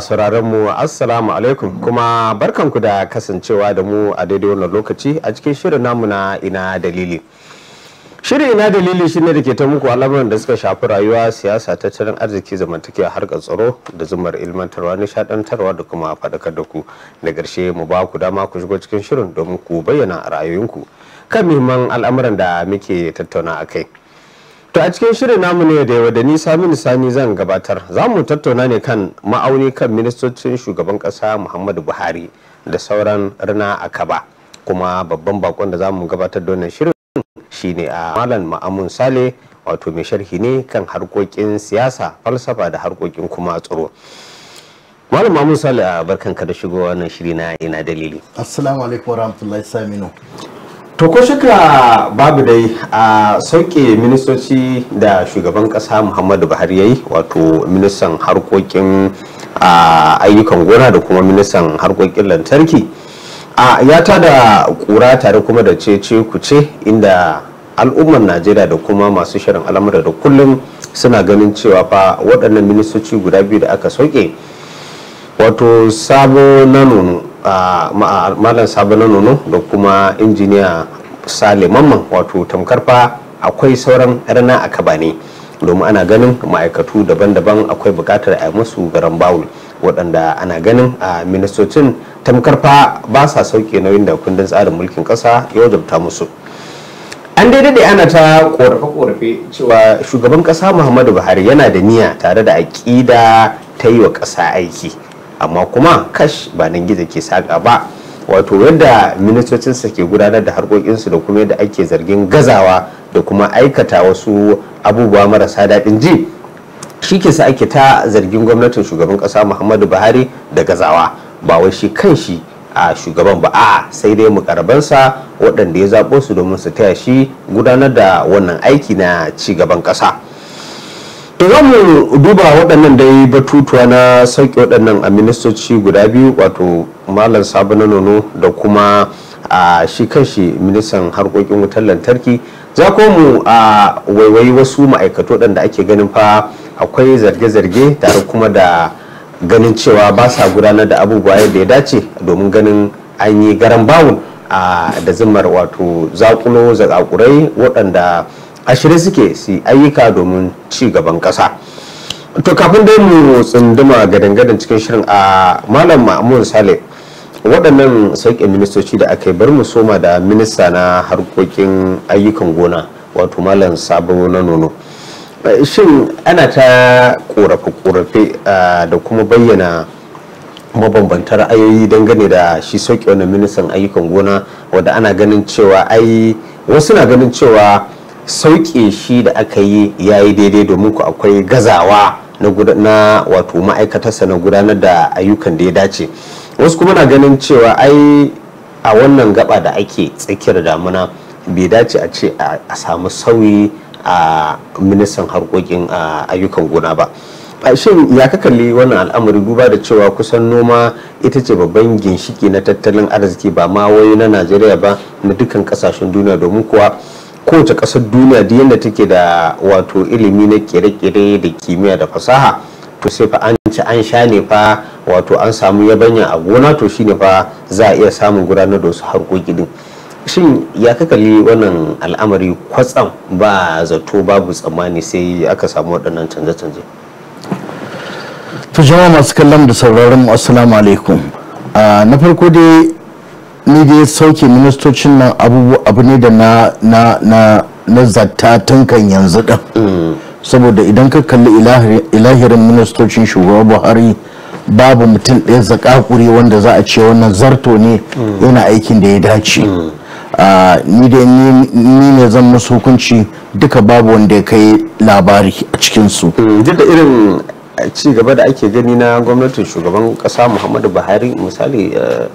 masu mu assalamu alaikum kuma barkanku da kasancewa da mu a daidai wannan lokaci a cikin shirin namu na ina dalili shirin ina dalili ne da ke ta muku al'amuran da suka shafi rayuwa siyasa tattalin arziki zamantakewa harkar tsaro da zumar ilmantarwa nishadantarwa da kuma faɗakar da ku da ƙarshe mu ba ku dama ku shigo cikin shirin domin ku bayyana ra'ayoyinku kan muhimman al'amuran da muke tattauna a kai To a cikin shirin namu ne da yawa da ni Saminu Sani zan gabatar. Za mu tattauna ne kan ma'auni kan ministocin shugaban kasa Muhammadu Buhari da sauran rina a kaba. Kuma babban bakon da za mu gabatar da wannan shirin shine a Malam Ma'amun Sale wato mai sharhi ne kan harkokin siyasa, falsafa da harkokin kuma tsaro. Malam Ma'amun Sale a barkanka da shigo wannan shiri na ina dalili. Assalamu alaikum rahmatullahi Saminu. to ko shuka babu dai a sauke ministoci da shugaban kasa muhammadu buhari ya yi wato ministan harkokin ayyukan gona da kuma ministan harkokin lantarki a ya tada kura tare kuma da cece ce inda al'ummar najeriya da kuma masu shirin al'amura da kullum suna ganin cewa fa waɗannan ministoci guda biyu da aka sauke wato sabo na nono malam sabana nono da kuma injiniya sale mamman wato tamkarfa akwai sauran rana a kabane domin ana ganin ma'aikatu daban-daban akwai bukatar a musu garan bawul waɗanda ana ganin a ministocin tamkarfa ba sa sauke nauyin da kundin tsarin mulkin ƙasa ya wajabta musu an daidai da ana ta korafe-korafe cewa shugaban ƙasa muhammadu buhari yana da niyya tare da aƙida ta yi wa ƙasa aiki amma kuma kash ba nan gizo ke saƙa ba wato yadda ministocinsa ke gudanar da harkokinsu da kuma yadda ake zargin gazawa da kuma aikata wasu abubuwa marasa daɗin ji shi ke sa ake ta zargin gwamnatin shugaban ƙasa muhammadu buhari da gazawa ba wai shi kan shi a shugaban ba a sai dai mu mukarabansa waɗanda ya zaɓo su domin su taya shi gudanar da wannan aiki na ci gaban ƙasa. to za mu duba waɗannan dai batutuwa na sauƙi waɗannan a ministoci guda biyu wato malam sabu na nono da kuma a shi kanshi ministan harkokin wutar lantarki za ko mu a waiwayi wasu ma'aikatu waɗanda ake ganin fa akwai zarge-zarge tare kuma da ganin cewa ba sa gudanar da abubuwa yadda ya dace domin ganin an yi garan a da zimmar wato zaƙulo zaƙaƙurai waɗanda a shirye suke su ayyuka domin ci gaban ƙasa to kafin dai mu tsunduma ga dangadan cikin shirin a malam ma'amun sale waɗannan sauƙin ministoci da aka yi bar mu soma da minista na harkokin ayyukan gona wato malam sabo na nono shin ana ta ƙorafe-ƙorafe da kuma bayyana mabambantar ra'ayoyi dangane da shi sauƙi wannan ministan ayyukan gona wadda ana ganin cewa ai wasu na ganin cewa sauke shi da aka yi ya yi daidai domin ku akwai gazawa na wato ma'aikatarsa na gudanar da ayyukan da ya dace wasu kuma na ganin cewa ai a wannan gaba da ake tsakiyar damuna bai dace a ce a samu sauyi a ministan harkokin ayyukan gona ba shin ya ka kalli wannan al'amari duba da cewa kusan noma ita ce babban ginshiki na tattalin arziki ba ma wai na najeriya ba na dukkan kasashen duniya domin kuwa kowace ƙasar duniya da yadda take da wato ilimi na kere-kere da kimiyya da fasaha to sai fa an ci an sha ne fa wato an samu yabanya a gona to shine fa za a iya samun gudanar da wasu harkoki din shin ya kakali wannan al'amari kwatsam ba zato babu tsammani sai aka samu waɗannan canje-canje to jama'a masu kallon da sauraron assalamu alaikum ah, na farko dai ni dai sauke ministocin nan abu ne da na na na na zatta tun kan yanzu din saboda idan ka kalli ilahirin ministocin shugaba buhari babu mutum ɗaya zakakuri wanda za a ce wannan zarto ne yana aikin da ya dace ni da ni ne zan musu hukunci duka babu wanda ya kai labari a cikinsu mm, duk da irin eh, ci gaba da ake gani na gwamnatin shugaban kasa muhammadu buhari misali eh,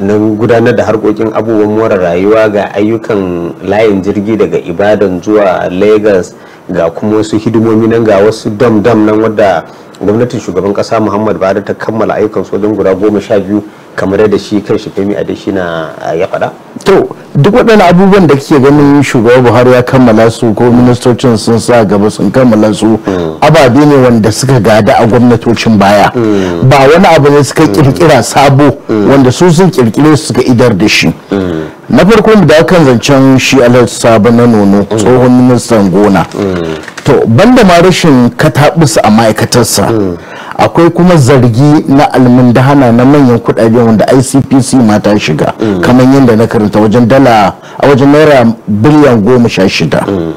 na gudanar da harkokin abubuwan more rayuwa ga ayyukan layin jirgi daga ibadan zuwa lagos ga kuma wasu hidimomi nan ga wasu dam dam nan wadda gwamnatin shugaban kasa muhammad da ta kammala ayyukan sojan wajen guda goma sha biyu kamar yadda shi kan shi fami a shi na ya faɗa? to duk waɗannan abubuwan da kake ganin shugaba buhari ya kammala su ko ministocin sun sa gaba sun kammala su hmm. ababe ne wanda suka gada a gwamnatocin baya hmm. ba wani abu ne suka kirkira hmm. sabo wanda su sun kirkire suka idar da shi na farko da kan zancen shi alhaji sabo na nono tsohon ministan gona to banda ma rashin katabus a ma'aikatarsa akwai kuma zargi na almundahana na manyan kuɗaɗe wanda icpc mata shiga mm. kamar yadda na karanta wajen dala a wajen naira biliyan goma sha shida mm.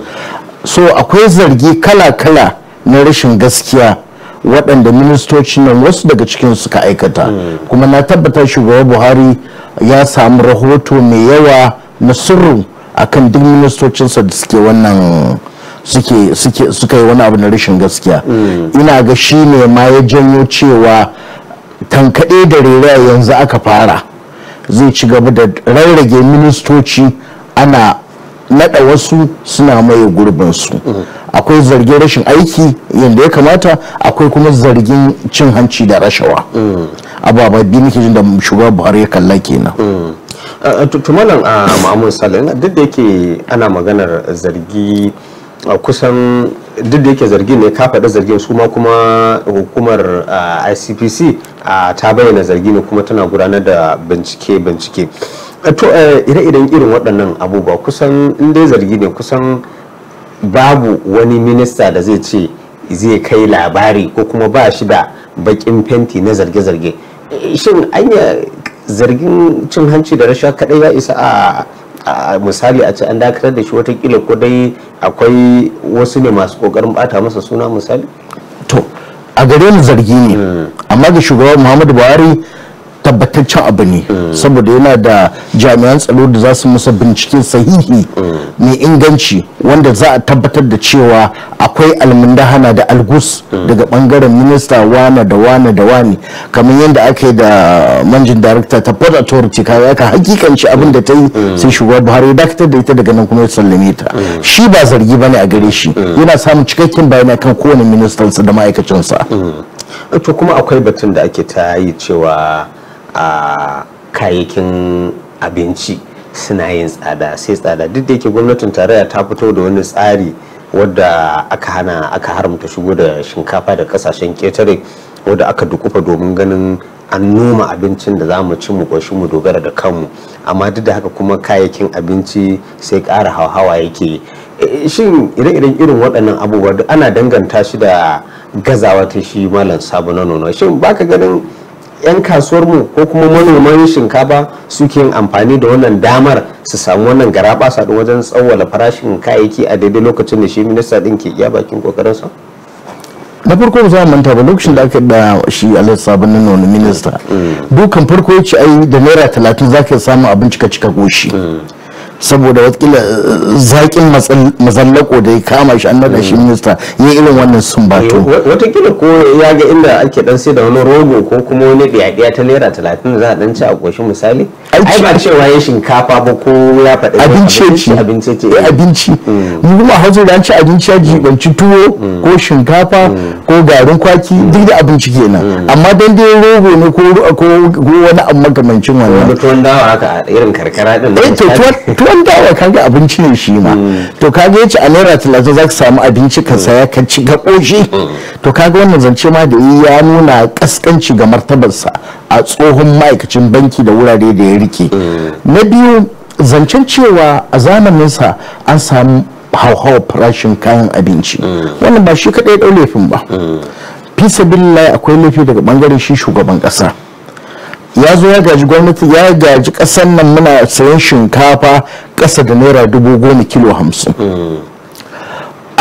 so akwai zargi kala-kala na rashin gaskiya waɗanda ministoci nan wasu daga cikin suka aikata mm. kuma na tabbata shugaban buhari ya samu rahoto mai yawa na sirru akan duk ministocinsa da suke wannan suke suke suka yi wani abu na rashin gaskiya mm. ina ga shi ne ma ya janyo cewa tankaɗe da rera yanzu aka fara zai ci gaba da rarrage ministoci ana naɗa wasu suna maye su. Mm. akwai zargin rashin aiki yadda ya kamata akwai kuma zargin cin hanci da rashawa mm. ababa biyu nake jin da shugaba buhari ya kalla kenan tumalan a ma'amun ah, salih duk da yake ana maganar zargi kusan duk da yake zargin ne ka faɗa zargin su ma kuma hukumar icpc ta bayyana zargi ne kuma tana gudanar da bincike bincike to eh, ire-iren irin waɗannan abubuwa kusan inda zargi ne kusan babu wani minista da zai ce zai kai labari ko kuma ba shi da bakin fenti na zarge-zarge eh, shin anya zargin cin hanci da rashawa kaɗai ya isa a misali a ce an dakatar da shi watakila ko dai akwai wasu ne masu kokarin bata masa suna misali to a gare mu zargi ne hmm. amma ga shugaban muhammadu buhari tabbataccen abu ne saboda yana da jami'an tsaro da za su musa bincike sahihi mai inganci wanda za a tabbatar da cewa akwai almundahana da algus daga bangaren minista wane da wane da wane kamar yadda aka yi da manjin darakta ta port authority ya aka hakikanci abin da ta yi sai shugaban buhari ya dakatar da ita daga nan kuma ya sallame ta shi ba zargi ba ne a gare shi yana samun cikakken bayani kan kowane ministansa da ma'aikacinsa to kuma akwai batun da ake ta yi cewa a kayayyakin abinci suna yin tsada sai tsada duk da yake gwamnatin tarayya ta fito da wani tsari wadda aka hana aka haramta shigo da shinkafa da kasashen ketare wadda aka dukufa domin ganin an noma abincin da za mu ci mu ƙoshi mu dogara da kanmu amma duk da haka kuma kayayyakin abinci sai ƙara hauhawa yake eh, eh, shin ire-iren irin waɗannan abubuwa duk ana danganta shi da gazawa ta shi malam sabo na nono shin baka ganin 'yan kasuwar mu ko kuma manoman shinkafa suke yin amfani da wannan damar su samu wannan garaba sadin wajen tsawwala farashin kayayyaki a daidai lokacin da shi minista din ke iya bakin kokarin na farko ba za a manta ba lokacin da aka da shi alhaji sabon nan wani minista mm. dukan farko ya ce ai da naira talatin za ka samu abin cika cika goshi mm. saboda watakila eh, zaƙin mazallako da ya kama shi annar naɗa shi minista ya irin wannan sun bato eh, watakila ko ya ga inda ake dan sai da wani rogo ko kuma wani biya ta naira talatin za a dan ci a ƙoshin misali ai ba cewa ya shinkafa ba ko ya faɗi abinci ce abinci ce abinci eh, mu mm. kuma hausa da an ci abinci ya jibanci tuwo mm. ko shinkafa mm. ko garin kwaki duk da abinci kenan amma dan dai rogo ne ko ko wani abu makamancin wannan tuwon dawa haka irin karkara din eh to tuwon dawa kaga abinci ne shi ma to kaga yace a naira 30 zaka samu abinci ka saya ka ci ka koshi to kaga wannan zance ma da ya nuna kaskanci ga martabarsa a tsohon ma'aikacin banki da wurare da ya rike na biyu zancen cewa a zamaninsa an samu hauhawar farashin kayan abinci wannan ba shi kaɗai ɗau laifin ba fisa billahi akwai laifi daga bangaren shi shugaban ƙasa ya zo ya gaji gwamnati ya gaji ƙasar nan muna sayan shinkafa ƙasa da naira dubu goma kilo hamsin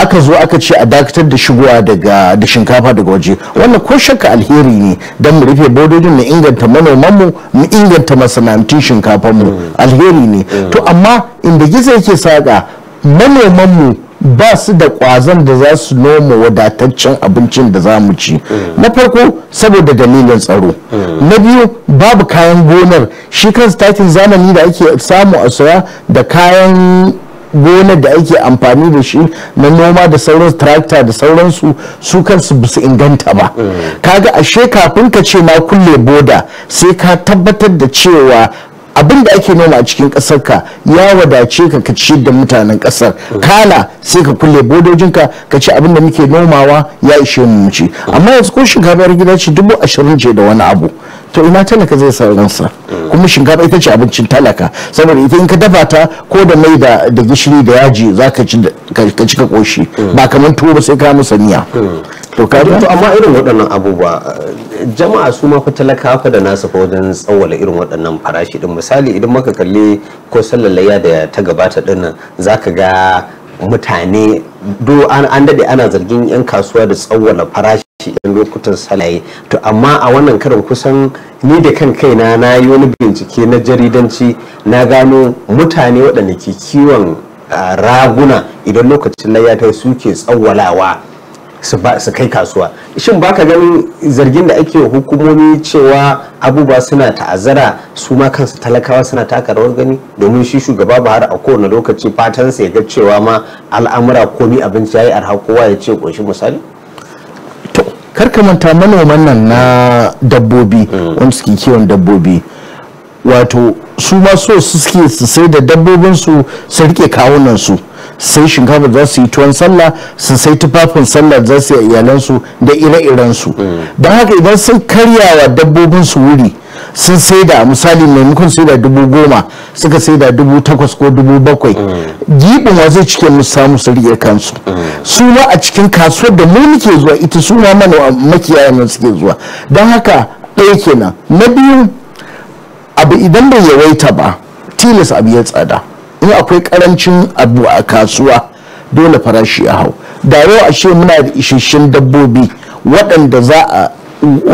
aka zo aka ce a dakatar da shigowa daga da shinkafa daga waje wannan ko shakka alheri ne don mu rufe bodojin mu inganta manoman mu inganta masana'antun shinkafan mu alheri ne to amma inda gizo yake saka manoman mu ba su da kwazon da za su noma wadataccen abincin da za mu ci na farko saboda dalilin tsaro na biyu babu kayan gonar shi kan takin zamani da ake samu a saya da kayan gonar da ake amfani da shi na noma da sauran tractor da sauransu su kansu basu inganta ba kaga ashe kafin ka ce na kulle boda sai ka tabbatar da cewa abin da ake noma a cikin kasarka ka ya wadace ka ka ci da mutanen ƙasar kana sai ka kulle bodojinka ka ci abin da muke nomawa ya ishe mu ci amma yanzu ko shugabar gida ce dubu ashirin ce da wani abu to ina talaka zai sauransa kuma shinkafa ita ce abincin talaka saboda ita in ka dafa ta ko da mai da gishiri da yaji za ka ci ka koshi ba kamar tuwo ba sai ka musa miya to ka to amma irin waɗannan abubuwa jama'a su ma fa talaka fa da nasu fa wajen tsawala irin waɗannan farashi din misali idan muka kalli ko sallalaya da ta gabata dinnan zaka ga mutane do an daɗe ana zargin yan kasuwa da tsawala farashi shi yan lokutan salaye to amma a wannan karin kusan ni da kan kaina na yi wani bincike na jaridanci na gano mutane waɗanda ke kiwon raguna idan lokacin layya ta suke tsawwalawa su kai kasuwa shin baka ganin zargin da ake hukumomi cewa abubuwa suna ta'azzara su ma kansu talakawa suna taka rawar gani domin shi shugaba ba har a kowane lokaci fatansa ya ga cewa ma al'amura komi abinci ya yi arha kowa ya ce ƙunshi misali kar ka manta manoman nan na dabbobi mm. wanda suke kiwon dabbobi wato su ma so su suke su sai da dabbobin su su rike kawunan su sai shinkafa za su yi tuwon sallah su sai tufafin sallah za su yi iyalansu da ire-irensu mm. don haka idan sun karyawa dabbobin su wuri sun saida misali maimakon saida dubu goma suka saida dubu takwas ko dubu bakwai gibin wa zai cike musu samu su riƙe kansu su ma a cikin kasuwar da mu muke zuwa ita su ma makiyayan nan suke zuwa don haka ɗaya kenan na biyu abu idan bai yawaita ba tilas abu ya tsada in akwai karancin abu a kasuwa dole farashi ya hau da yau ashe muna da isasshen dabbobi waɗanda za a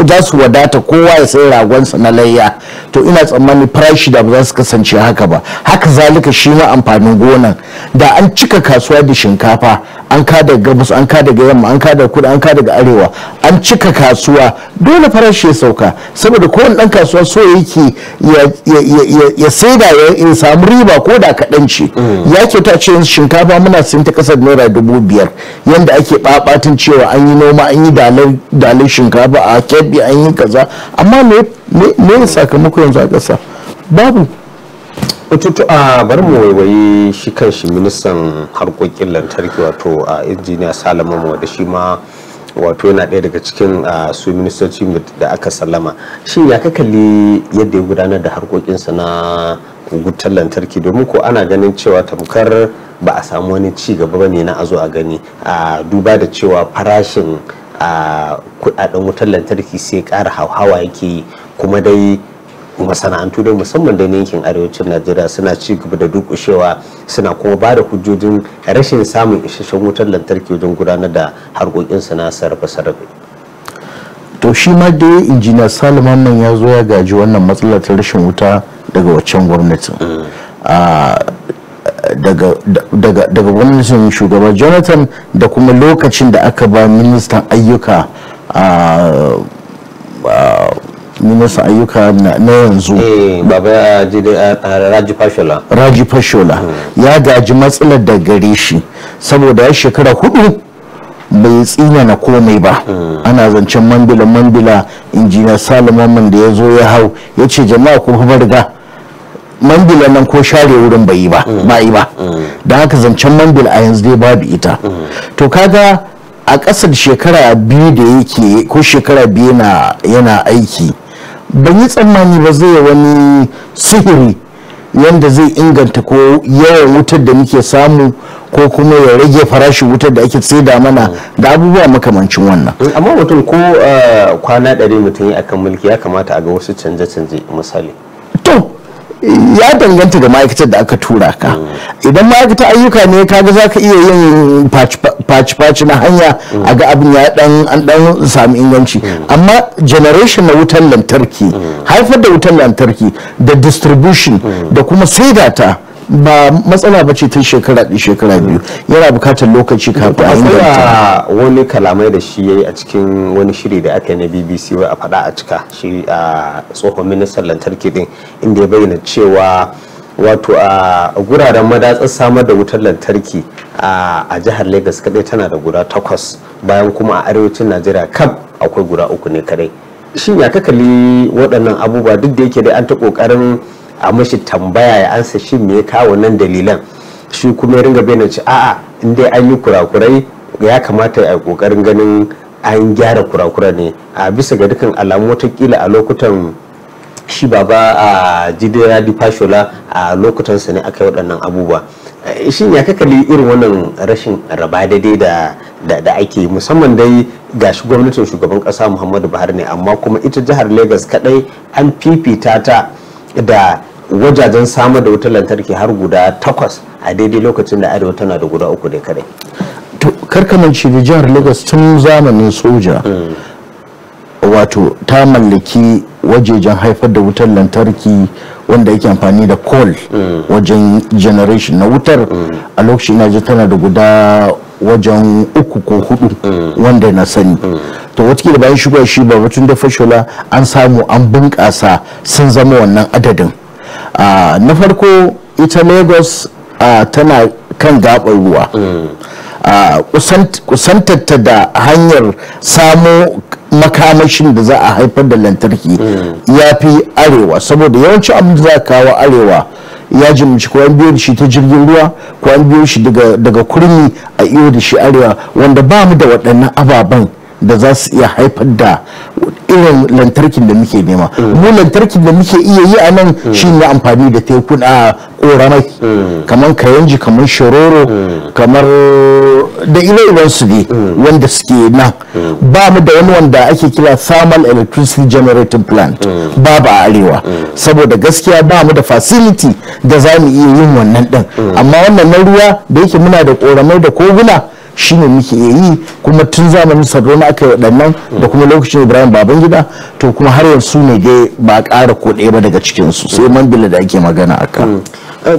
za su wadata kowa ya sai ragonsa na layya to ina tsammani farashi da ba za su kasance haka ba haka zalika shi ma amfanin gonan da an cika kasuwa da shinkafa an ka daga gabas an ka daga yamma an ka daga kudu an ka daga arewa an cika kasuwa dole farashi ya sauka saboda kowane dan kasuwa so yake ya saida ya samu riba ko da kaɗan ce mm. ya ke ta ce shinkafa muna sun ta kasar naira dubu biyar yanda ake ɓaɓatin cewa an yi noma an yi dalar shinkafa a a kebbi an yi kaza amma me sakamako yanzu a ƙasa babu tutu a bari mu waiwayi shi kan shi ministan harkokin lantarki wato a injiniya salama da shi ma wato yana ɗaya daga cikin su ministoci da aka sallama shin ya ka kalli yadda ya gudanar da harkokinsa na wutar lantarki domin ko ana ganin cewa tamkar ba a samu wani ci gaba ba ne na azo a gani a duba da cewa farashin a kudaden wutar lantarki sai kara hauhawa yake yi kuma dai masana'antu dai musamman da yankin arewacin najeriya suna ci gaba da dukushewa suna kuma ba da hujjojin rashin samun isasshen wutar lantarki wajen gudanar da harkokinsu na sarrafa sarrafa to shi ma dai injiniya salman nan ya zo ya gaji wannan matsalar ta rashin wuta daga waccan gwamnatin mm. ah, daga gwamnatin shugaba jonathan da kuma lokacin da aka ba ministan ayyuka ministan ayyuka na yanzu eh, raji fashola hmm. ya gaji matsalar da gare shi saboda ya shekara hudu bai tsina na komai ba hmm. ana zancen mambila mambila injiniya salomon da ya zo ya hau ya ce jama'a kuma riga mambila nan ko share wurin bai ba mm. ba yi ba mm. dan haka zancen mambil a yanzu dai babu ita mm. to kaga a ƙasar shekara biyu da yake ko shekara biyu yana aiki ban yi tsammani ba zai wani sihiri yanda zai inganta ko yawan wutar da muke samu ko kuma ya rage farashin wutar da ake saida mana da abubuwa makamancin wannan amma mutum ko ah, kwana ɗari mutum yi akan mulki ya kamata a ga wasu canje-canje misali to ya danganta da ma'aikatar da aka tura ka idan ma'aikatar ayyuka ne kaga za ka iya yin faci-faci na hanya a ga abin ya dan an dan sami inganci amma generation na wutan lantarki haifar da wutan lantarki da distribution da kuma saida ta ba matsala ba ce ta shekara ɗi shekara biyu yana bukatar lokaci kafin a inganta wani kalamai da shi yayi a cikin wani shiri da aka yi na bbc wai a faɗa a cika shi a tsohon ministan lantarki ɗin inda ya bayyana cewa wato a guraren madatsar samar da wutar lantarki a jihar lagos kadai tana da guda takwas bayan kuma a arewacin najeriya kaf akwai guda uku ne kadai shin ya ka kalli waɗannan abubuwa duk da yake dai an ta ƙoƙarin a mashi tambaya ya ansa shi me ya kawo nan dalilan shi kuma ya ringa bayyana ci a'a in dai an yi kurakurai ya kamata a kokarin ganin an gyara kurakura ne a bisa ga dukkan alamu watakila a lokutan shi baba a jidera di fashola a lokutansa ne aka yi waɗannan abubuwa eh, shin ya kakali irin wannan rashin raba daidai da ake musamman dai ga shi gwamnatin shugaban ƙasa muhammadu buhari ne amma kuma ita jihar lagos kadai an fifita ta da wajajen samar da wutar lantarki har guda takwas a daidai lokacin da arewa tana da guda uku da kadai to karkamanci da jihar lagos tun zamanin soja mm. wato ta mallaki wajejen haifar da wutar lantarki wanda yake amfani da coal mm. wajen generation na wutar mm. a lokacin ji tana da guda wajen uku ko hudu wanda na sani to watakila bayan shigo shi babatun da fashola an samu an bunƙasa sun zama wannan adadin ah, na farko ita lagos ah, tana kan gaɓar ruwa ah, kusantatta da hanyar samo makamashin da za a haifar da lantarki ya fi arewa saboda yawanci abin da za a kawo arewa ya jimci ko an biyo da shi ta jirgin ruwa ko an biyo shi daga kurmi a iyo da shi arewa wanda ba mu da waɗannan ababen da za su iya haifar da irin lantarkin da muke nema mm. mu lantarkin da muke iya yi a nan mm. Shi ne amfani da tekun a ƙoramai. Mm. kamar kayanji kamar shororo kamar da ire su ne wanda suke nan ba mu da wani wanda ake kira thermal electricity generating plant babu a arewa saboda gaskiya ba mu da facility da za mu iya yin wannan din amma wannan na ruwa da yake muna da koramai da koguna shine muke yi kuma tun zamanin na aka yi waɗannan da kuma lokacin ibrahim babangida to kuma har yanzu ne dai ba ƙara ko ɗaya ba daga cikin su sai billa da ake magana akan mm.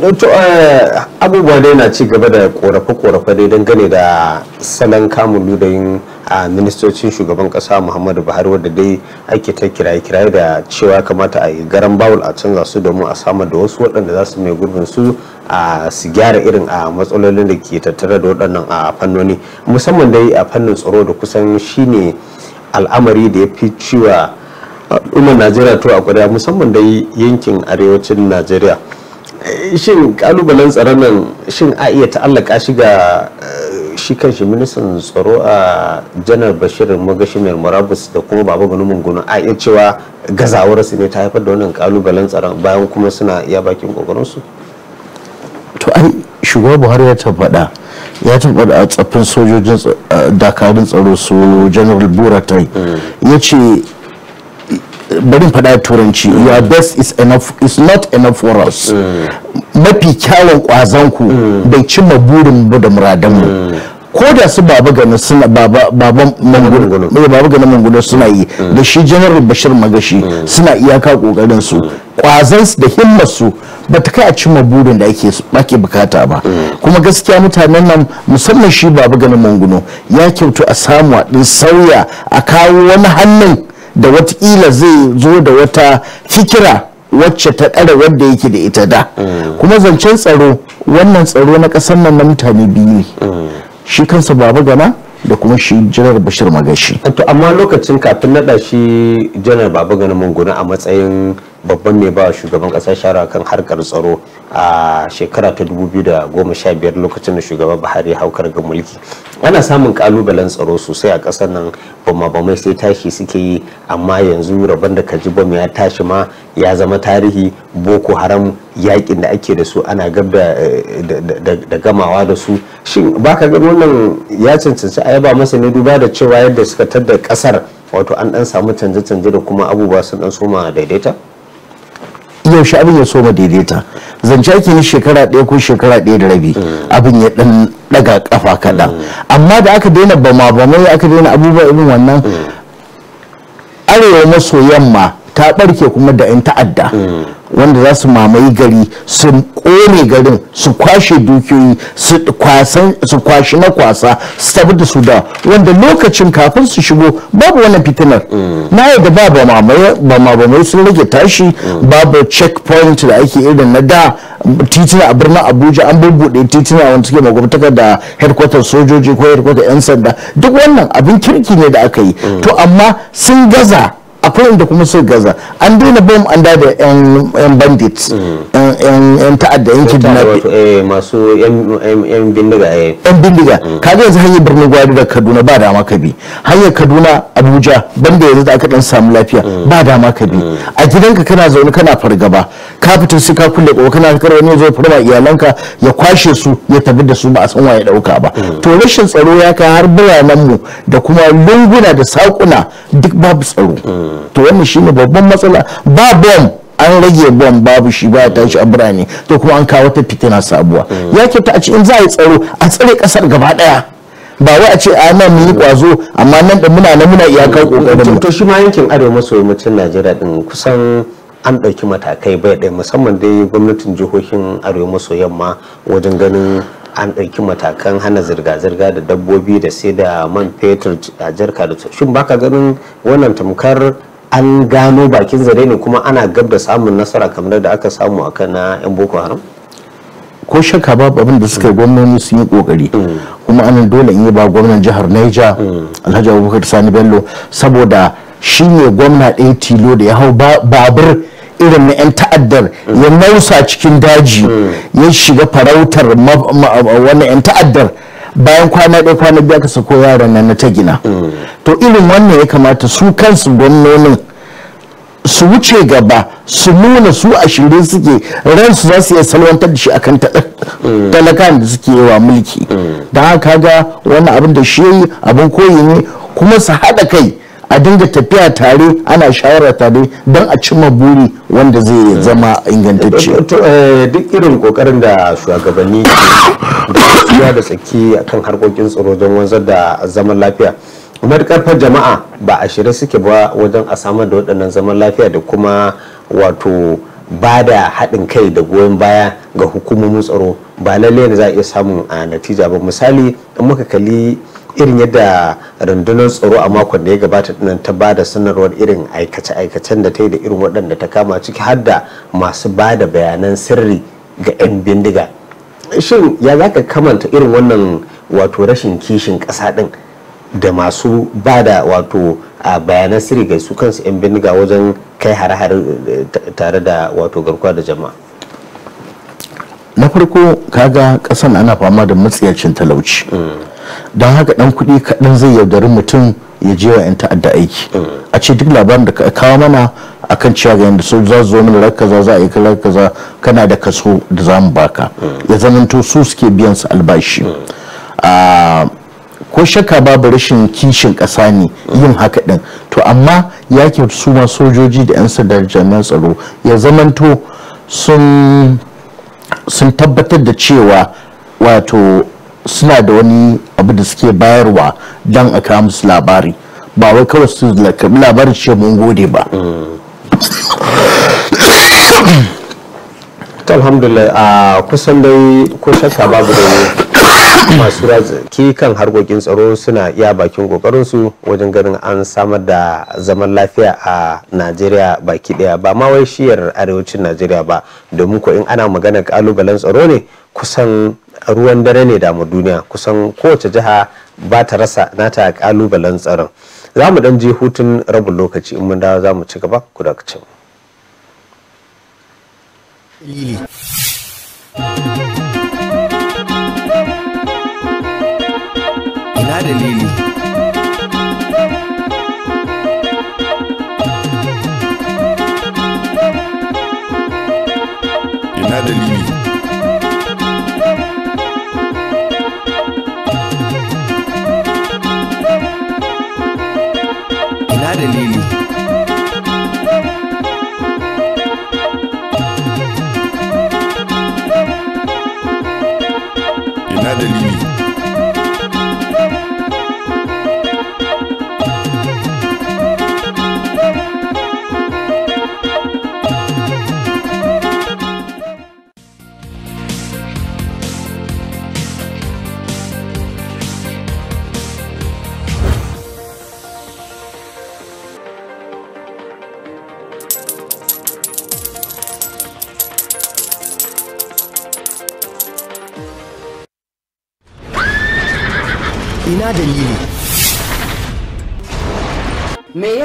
eh, to eh, abubuwa dai na ci gaba da korafe-korafe dai dangane da salon kamun ludayin a ministocin shugaban kasa muhammadu buhari wadda dai ake ta kiraye-kiraye da cewa kamata a yi garan bawul a canza su domin a samar da wasu waɗanda za su mai gurbin su a su gyara irin a matsalolin da ke tattare da waɗannan a fannoni musamman dai a fannin tsaro da kusan shine al'amari da ya fi ciwa al'ummar najeriya to a guda musamman dai yankin arewacin najeriya shin kalubalen tsaron nan shin a iya ta'allaka shi ga eh, shi kanshi ministan tsaro a janar bashir magashimiyar murabus da kuma baba gani mungunan a iya cewa gazawar su ne ta haifar da wannan kalubalen tsaron bayan kuma suna iya bakin kokarin to ai shugaba buhari ya tabbada ya tabbada a tsaffin sojojin dakarun tsaro su general buratai ya ce barin fada turanci your best is enough is not enough for us mm. mafi kyawun kwazon ku mm. bai cimma burin mu da muradan mu mm. ko da su baba gani suna baba mangudu mai gani mangudu suna yi mm. da shi janar bashir magashi mm. suna iyaka kokarin su kwazan mm. da himmar su ba ta kai a cimma burin da ake ake bukata ba kuma gaskiya mutanen nan musamman shi baba gani mangudu ya kyautu a samu a din sauya a kawo wani hannun da watakila zai zo da wata fikira wacce ta ɗara wadda yake da ita da kuma zancen tsaro wannan tsaro na ƙasar nan na mutane biyu ne shi kansa baba gana da kuma shi janar bashir magashi to amma lokacin kafin naɗa shi janar baba gana guna a matsayin babban ne ba shugaban ƙasa shara kan harkar tsaro a shekara ta 2015 lokacin da shugaban buhari haukar ga mulki ana samun kalubalen tsaro sosai a ƙasar nan bama bamai sai tashi suke yi amma yanzu rabon da kaji bam ya tashi ma ya zama tarihi boko haram yakin da ake da su ana gab da eh, gamawa da su shin baka ga wannan ya cancanci a yaba masa ne duba da cewa yadda suka tadda kasar wato an dan samu canje-canje da kuma abubuwa sun dan soma daidaita yaushe abin ya soma daidaita zance ake yi shekara ɗaya ko shekara ɗaya da rabi abin ya ɗan ɗaga ƙafa kaɗan amma da aka daina bama bamai aka daina abubuwa irin wannan arewa maso yamma ta barke kuma da 'yan ta'adda wanda za su mamaye gari su kone garin su kwashe dukiyoyi su kwashi na kwasa su tabi da su da wanda lokacin kafin su shigo babu wannan fitinar na yadda ba ba mamaye sun rage tashi babu checkpoint da ake irin na da titina a birnin abuja an bubbuɗe titina wanda suke magwabtaka da headquarters sojoji ko headquarters 'yan sanda duk wannan abin kirki ne da aka yi to amma sun gaza akwai da kuma sai gaza an daina bom an da yan bandits mm. yan ta'adda yan kidnapping eh, masu yan bindiga yan bindiga eh. ga mm. yanzu hanyar birnin gwari da kaduna ba dama ka bi hanyar kaduna abuja banda yanzu da aka dan samu lafiya mm. ba dama ka bi a gidanka kana zaune kana fargaba ka fito sai ka kulle ko kana kar wani zo fara iyalanka ya kwashe su ya tafi da su ba a san waye dauka ba to rashin tsaro ya kai har biranen mu da kuma lunguna da sakuna duk babu tsaro to wannan shine babban matsala ba bom an rage bom babu shi ba tashi a birane to kuma an kawo ta fitina sabuwa ya ta a ce in za a yi tsaro a tsare kasar gaba daya ba wai a ce a nan mun yi kwazo amma nan da muna nan muna iyakar kokarin mu to shi ma yankin arewa maso yammacin Najeriya din kusan an ɗauki matakai bai ɗaya musamman dai gwamnatin jihohin arewa maso yamma wajen ganin an ɗauki matakan hana zirga-zirga da dabbobi da sai da man fetur a jarka da shin baka ganin wannan tamkar an gano bakin zare ne kuma ana gab da samun nasara kamar da aka samu a na 'yan boko haram ko shakka babu abin da suka gwamnoni sun yi kokari mm. kuma anan dole in yi ba gwamnan jihar Niger mm. Alhaji Abubakar Sani Bello saboda shine gwamna ɗaya tilo da ya hau babur irin na 'yan ta'addar ya nausa cikin daji ya shiga farautar wani 'yan ta'addar bayan kwana ɗaya kwana biya ka sako yaran nan na ta gina to irin wannan ya kamata su kansu gwamnonin su wuce gaba su nuna su a shirin suke ransu za su iya salwantar da shi akan talakan da suke yawa mulki Da haka ga wani abin da shi abin koyi ne kuma su haɗa kai a dinga tafiya tare ana shawara tare don a cimma buri wanda zai zama ingantacce eh, duk irin kokarin da shugabanni da da tsaki kan harkokin tsaro don wanzar da zaman lafiya karfar jama'a ba a shirya suke ba wajen a samar da waɗannan zaman lafiya da kuma wato ba da haɗin kai da goyon baya ga hukumomin tsaro ba lalle ne za a iya samun a ah, natija ba misali in muka kalli irin yadda rundunar tsaro a makon da ya gabata dinan ta ba da sanarwar irin aikace-aikacen da ta yi da irin waɗanda ta kama ciki har da masu ba da bayanan sirri ga 'yan bindiga shin ya za ka kamanta irin wannan wato rashin kishin ƙasa ɗin da masu ba da wato a bayanan sirri ga su kansu 'yan bindiga wajen kai hare-hare eh, tare da wato garkuwa da jama'a na farko kaga kasan ana fama da matsiyacin talauci don haka dan kudi kaɗan zai yaudari mutum ya je wa 'yan ta'adda aiki a ce duk labarin da kawo mana akan cewa ga yadda za su zo mana rakaza za a yi kaza kaza kana da kaso da za mu baka ya zamanto su suke biyan su albashi ko shakka babu rashin kishin ƙasa ne yin haka ɗin to amma ya su ma sojoji da 'yan sadar jami'an tsaro ya zamanto sun sun tabbatar da cewa wato suna da wani abu da suke bayarwa don a kawo musu labari ba wai kawai su lakabi labarin ce mun gode ba alhamdulillah a kusan dai ko shakka babu da masu razaki kan harkokin tsaro suna iya bakin kokarinsu wajen ganin an samar da zaman lafiya a najeriya baki daya ba ma wai shiyar arewacin najeriya ba domin ko in ana magana kalubalen tsaro ne kusan ruwan dare ne mu duniya kusan kowace jiha ba ta rasa nata kalubalen tsaron za mu dan je hutun rabin lokaci in mun dawo za mu ci gaba ku da Dale, Lili. Dale, Lili. Lili.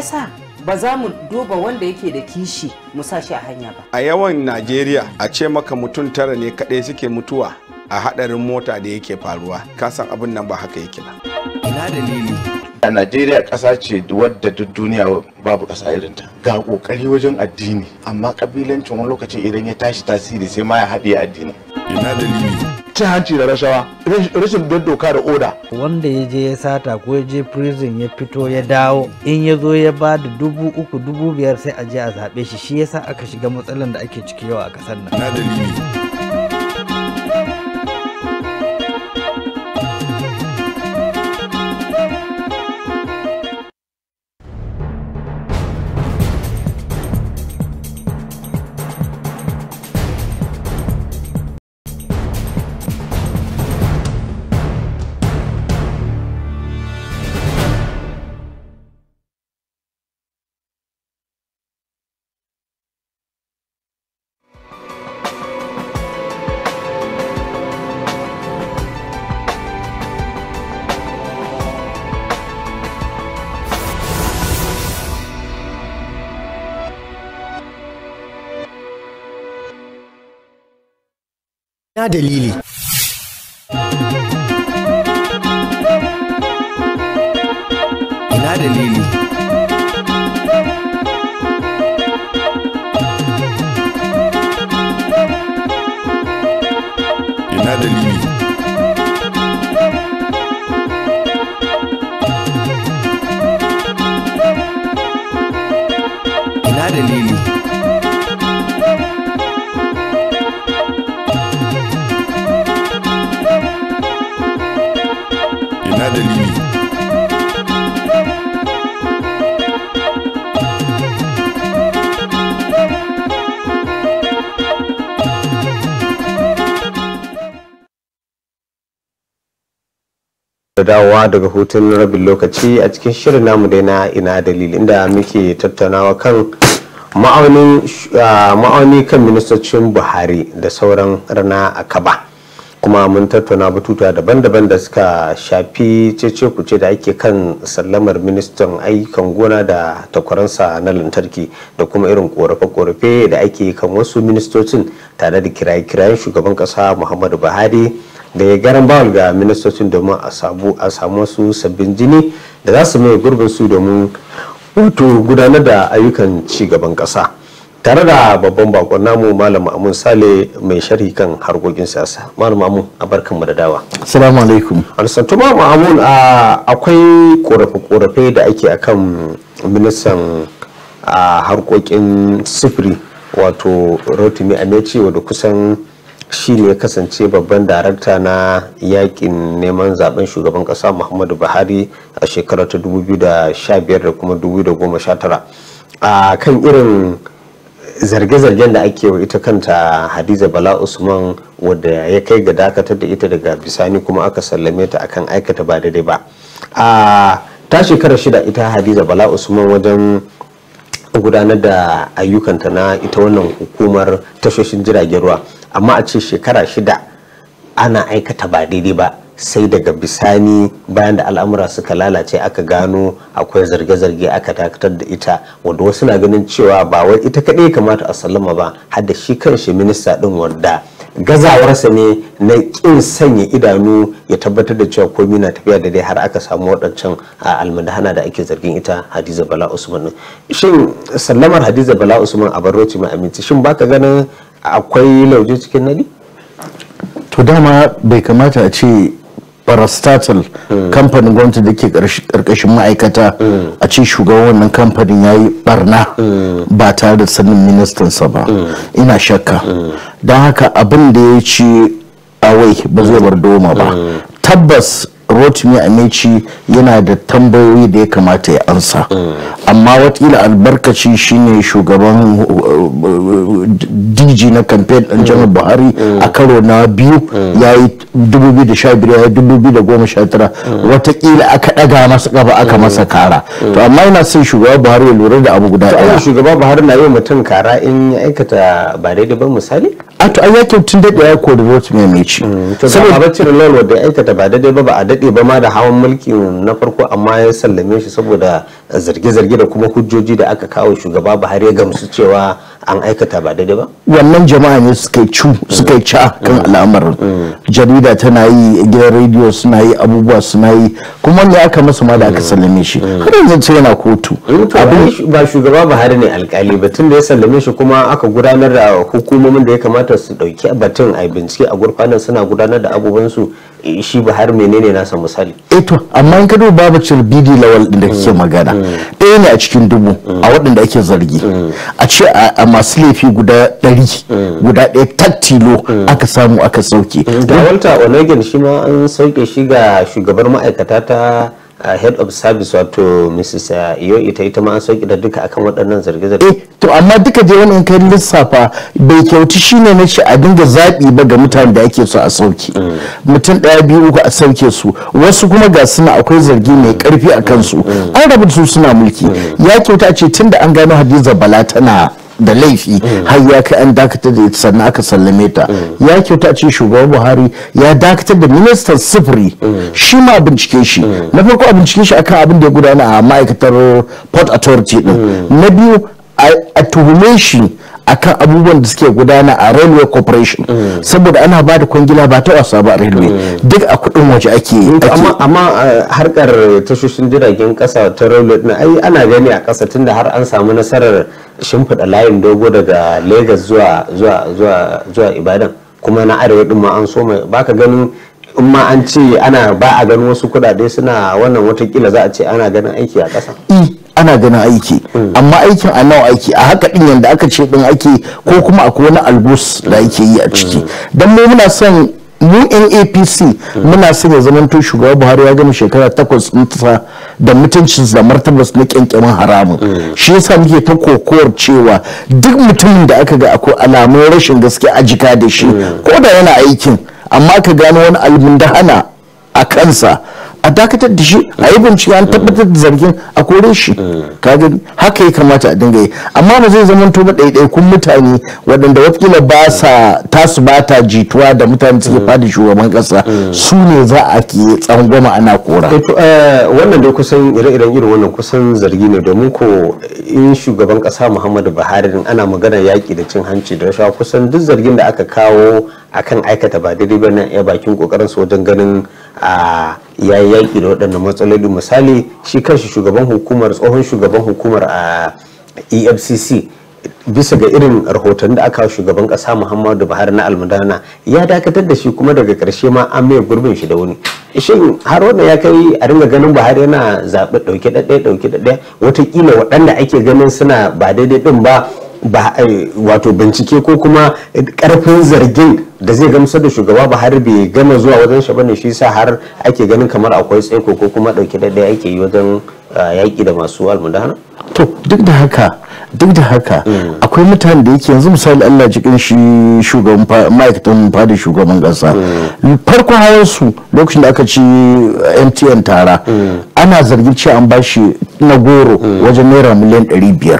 yasa ba za mu duba wanda yake da kishi mu sa shi a hanya ba. A yawan Najeriya a ce maka mutum tara ne kaɗai suke mutuwa a haɗarin mota da yake faruwa. Kasan abin nan ba haka yake ba. Ina dalili. A Najeriya ƙasa ce wadda duk duniya babu ƙasa irinta. Ga ƙoƙari wajen addini amma ƙabilancin wani lokaci idan ya tashi tasiri sai ma ya haɗe addini. Ina dalili. cin hanci da rashawa rashin bin doka da oda wanda ya je ya sata ko ya je prison ya fito ya dawo in ya zo ya ba da dubu uku dubu biyar sai a je a zaɓe shi shi yasa aka shiga matsalar da ake ciki yau a ƙasar nan ina dalili ina dalili dawowa daga hutun rabin lokaci a cikin shirin namu dai na ina dalili inda muke tattaunawa kan ma'auni kan ministocin buhari da sauran rana a kaba kuma mun tattauna batutuwa daban-daban da suka shafi cece kuce da ake kan sallamar ministan ayyukan gona da takwaransa na lantarki da kuma irin korafe-korafe da ake kan wasu ministocin tare da kiraye-kirayen shugaban ƙasa muhammadu buhari da ya garan bawal ga ministocin domin a samu samu wasu sabbin jini da za su mai gurbin su domin hutu gudanar da ayyukan cigaban gaban ƙasa tare da babban bakon namu malam amun sale mai sharhi kan harkokin siyasa malam amun a barkan mu da dawa assalamu alaikum alisantu malam amun akwai korafe-korafe da ake a kan ministan harkokin sifiri wato rotimi amechi wadda kusan shi ya kasance babban darakta na yakin neman zaben shugaban kasa muhammadu buhari a shekarar ta 2015 da kuma 2019 a kan irin zarge-zargen da ake wa ita kanta hadiza bala usman wadda ya kai ga dakatar da ita daga bisani kuma aka sallame ta akan aikata ba daidai ba a ta shekarar shida ita hadiza bala usman wajen gudanar da ayyukanta na ita wannan hukumar tashoshin jiragen ruwa amma a ce shekara shida ana aikata ba daidai ba sai daga bisani bayan da al'amura suka lalace aka gano akwai zarge-zarge aka dakatar da ita wanda wasu na ganin cewa ba wai ita kaɗai kamata a sallama ba har da shi kanshi minista ɗin wanda gazawarsa ne na ƙin sanya idanu ya tabbatar da cewa komi na tafiya da dai har aka samu waɗancan almadahana da ake zargin ita hadiza bala usman shin sallamar hadiza bala usman a barroci mai aminci shin baka ganin akwai lauje cikin nadi to dama bai kamata a ce parastatal hmm. kamfanin gwamnati da ke karkashin ma'aikata hmm. a ce shugaban wannan kamfanin ya yi barna hmm. ba tare da sanin ministansa ba ina shakka don haka abin da ya ci awai ba zai bar doma ba tabbas rotimi amici yana da tambayoyi da ya kamata ya ansa amma watakila albarkaci shine shugaban uh, uh, dj na kamfen ɗan janar buhari a karo na biyu ya yi 2015 ya yi 2019 watakila aka ɗaga masa gaba aka masa kara to amma ina son shugaba buhari ya lura da abu guda ɗaya shugaba buhari na yi mutum kara in ya aikata ba daidai ba misali a to an yakin tun daɗe ya kori vote mai mai ci mm, saboda ba cire lalwa da aikata ba daidai ba ba a daɗe ba ma da hawan mulkin na farko amma ya sallame shi saboda zarge-zarge da kuma hujjoji da aka kawo shugaba buhari ya gamsu cewa an aikata ba daidai ba wannan jama'a ne suka yi cu suka yi ca kan mm. alamar mm. jarida tana yi gidan rediyo suna yi abubuwa suna yi kuma ne aka masa ma da aka mm. sallame shi har yanzu sai yana kotu eh, abin ba shugaba buhari ne alkali batun da ya sallame shi kuma aka gudanar da hukumomin da ya kamata su dauki batun a bincike a gurfana suna gudanar da abubuwan shi ba har menene nasa misali eh to amma in ka duba babu cirbidi lawal din da kake magana mm. ɗaya ne a cikin dubu mm. a waɗanda ake zargi mm. a ce a masu laifi guda ɗari guda ɗaya tattilo aka samu aka sauke da walta onegin shi ma an sauke shi ga shugabar ma'aikata ta a head of service wato mrs uh, iyo ita ita ma an sauki da duka akan waɗannan zarge-zarge eh, to amma duka je wannan kai lissafa bai kyautu shine na ce a dinga zaɓi ba ga mutanen da ake so a sauke mm. mutum ɗaya biyu uku a sauke su wasu kuma ga suna akwai zargi mai karfi a kansu mm. an rabu su suna mulki mm. ya kyauta ce tunda an gano hadiza bala tana da laifi mm. har ya kai an dakatar da ita sannan aka sallame ta mm. ya kyauta ce shugaban buhari ya dakatar da ministan sufuri mm. shi ma bincike shi na farko a bincike shi akan abin da ya gudana a ma'aikatar port authority din na biyu a tuhume shi akan abubuwan da suke gudana a railway corporation saboda ana ba da kwangila ba ta wasa ba a railway duk a kudin waje ake amma amma harkar tashoshin jiragen kasa ta railway ai ana gani a kasa tunda har an samu nasarar shimfiɗa layin dogo daga lagos zuwa zuwa zuwa zuwa ibadan kuma na arewa ɗin ma an so mai baka ganin in ma an ce ana ba a ganin wasu kuɗaɗe suna wannan watakila za a ce ana ganin aiki a ƙasa ana ganin aiki mm. amma aikin a nawa aiki a haka din yanda aka ce din ake ko kuma akwai wani albus da ake yi a ciki mm. don mu muna son mu yan apc muna son ya zamanto shugaba buhari ya gama shekara takwas ɗinsa da mutuncin da martabas na kyankyamin haramun shi yasa muke ta kokowar cewa duk mutumin da aka ga akwai alamun rashin gaske a jika da shi ko da yana aikin amma ka gano wani almundahana a kansa a dakatar da shi a yi bincike an tabbatar da zargin a kore shi mm. ka haka ya kamata a dinga yi amma ba zai zama toba kun mutane waɗanda wakila ba sa tasu ba ta jituwa da mutane suke mm. fadi shugaban ƙasa mm. su ne za a ke tsangwama ana kora eh, eh, wannan dai kusan ire-iren irin wannan kusan zargi ne domin ko in shugaban kasa muhammadu buhari ana magana yaƙi da cin hanci da rashawa kusan duk zargin da aka kawo akan aikata ba daidai ba na ya bakin ƙoƙarin wajen ganin a ya yi yaƙi da waɗannan matsaloli misali shi kanshi shugaban hukumar tsohon shugaban hukumar a efcc bisa ga irin rahoton da aka shugaban ƙasa muhammadu buhari na almudana ya dakatar da shi kuma daga ƙarshe ma an mai gurbin shi da wani shin har wannan ya kai a ringa ganin buhari yana zaɓi ɗauke ɗaya ɗauke ɗaya watakila waɗanda ake ganin suna ba daidai ɗin ba ba eh, wato bincike ko kuma karfin zargin da zai gamsar da shugaba buhari bai gama zuwa wajen shi bane shi sa har ake ganin kamar akwai tsaiko ko kuma dauke da ake yi wajen yaƙi da masu almudana to duk da haka duk da haka hmm. akwai mutane da yake yanzu misali Allah cikin shi shugaban ma'aikatan fadin shugaban ƙasa hmm. farko hawansu lokacin da aka ci MTN tara hmm. ana zargin cewa an bashi na goro wajen naira miliyan 500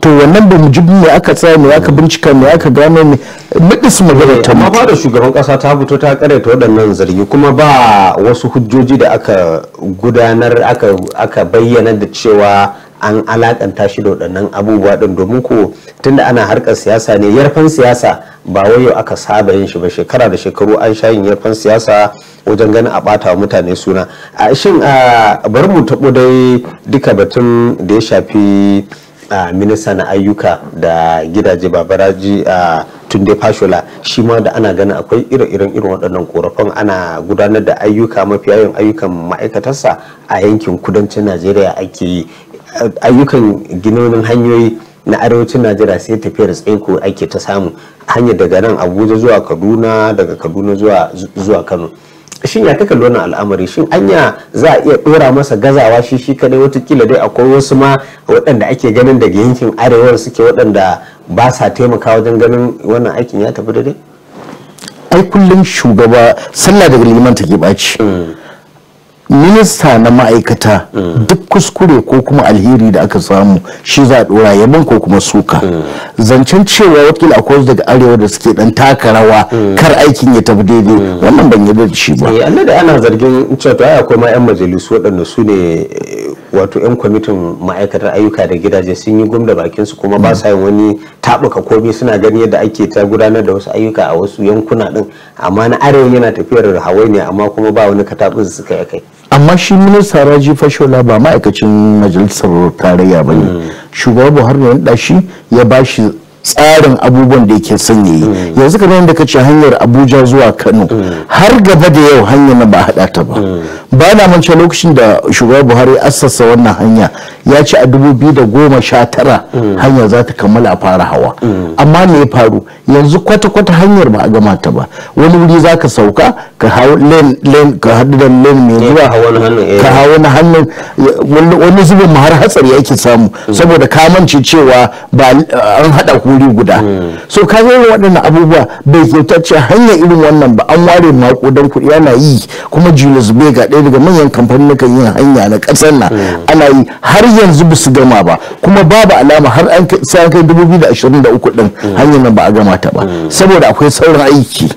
to wannan ba mu ji aka tsaya me aka bincika me aka gano ne su magana eh, ta da shugaban kasa ta fito ta karaita waɗannan zargi kuma ba wasu hujjoji da aka gudanar aka bayyana da cewa an alakanta shi da waɗannan abubuwa ɗin domin ko tunda ana harkar siyasa ne yarfan siyasa ba yau aka saba yin shi ba shekara da shekaru an sha yin yarfan siyasa wajen ganin a ɓata mutane suna a shin bari mu taɓo dai duka batun da ya shafi minista na ayyuka da gidaje babaraji a tun tunde fashola shi ma da ana ganin akwai ire-iren irin waɗannan korafin ana gudanar da ayyuka mafi yawan ayyukan ma'aikatarsa a yankin kudancin najeriya ake yi ayyukan ginonin hanyoyi na arewacin najeriya sai tafiyar tsaiko ake ta samu hanyar daga nan abuja zuwa kaduna daga kaduna zuwa kano shin ya kaka lona al'amari shin anya za a iya dora masa gazawa shi shi kadai watakila dai akwai wasu ma waɗanda ake ganin daga yankin arewar suke waɗanda ba sa taimaka wajen ganin wannan aikin ya tafi da dai? ai kullum shugaba sallah daga liman take ɓaci mm. minista na ma'aikata mm. duk kuskure ko kuma alheri da aka samu shi za a dora yaban ko kuma suka mm. zancen cewa wakil a kwas daga arewa da suke dan taka rawa mm. kar aikin ya tafi daidai wannan ban yi da shi ba eh Allah da ana zargin cewa to ai akwai ma yan majalisu waɗanda su ne eh, wato 'yan kwamitin ma'aikatar ayyuka da gidaje sun yi gumda bakin su kuma ba sa yin wani tabuka komai suna gani yadda ake ta gudanar da wasu ayyuka a wasu yankuna din amma na arewa yana tafiyar da hawaii ne amma kuma ba wani katabin su suka kai amma shi minista raji fashola ba ma'aikacin majalisar tarayya ba ne hmm. shugaba buhari ya shi ya ba shi tsarin abubuwan da yake son yi yanzu kamar yadda ka ce hanyar abuja zuwa kano har gaba da yau hanyar na ba haɗa ta ba ba na mance lokacin da shugaba buhari assasa wannan hanya ya ce a dubu biyu da goma sha tara hanya za ta kammala a fara hawa amma me ya faru yanzu kwata-kwata hanyar ba a gama ta ba wani wuri za ka sauka ka hau ka haɗu da len mai zuwa ka hau wani hannun eh. wani zubin mahar hatsari ake samu mm. saboda kamanci cewa ba an haɗa ku wuri guda hmm. so ka zai waɗannan abubuwa bai kyautacce hanyar irin wannan ba an ware makudan kuɗi ana yi kuma julius ga ɗaya daga manyan kamfanin kan yin hanya na ƙasar nan hmm. ana yi har yanzu ba su gama ba kuma babu alama har an sai an kai uku din hmm. hanyar nan ba a gama ta ba saboda akwai sauran aiki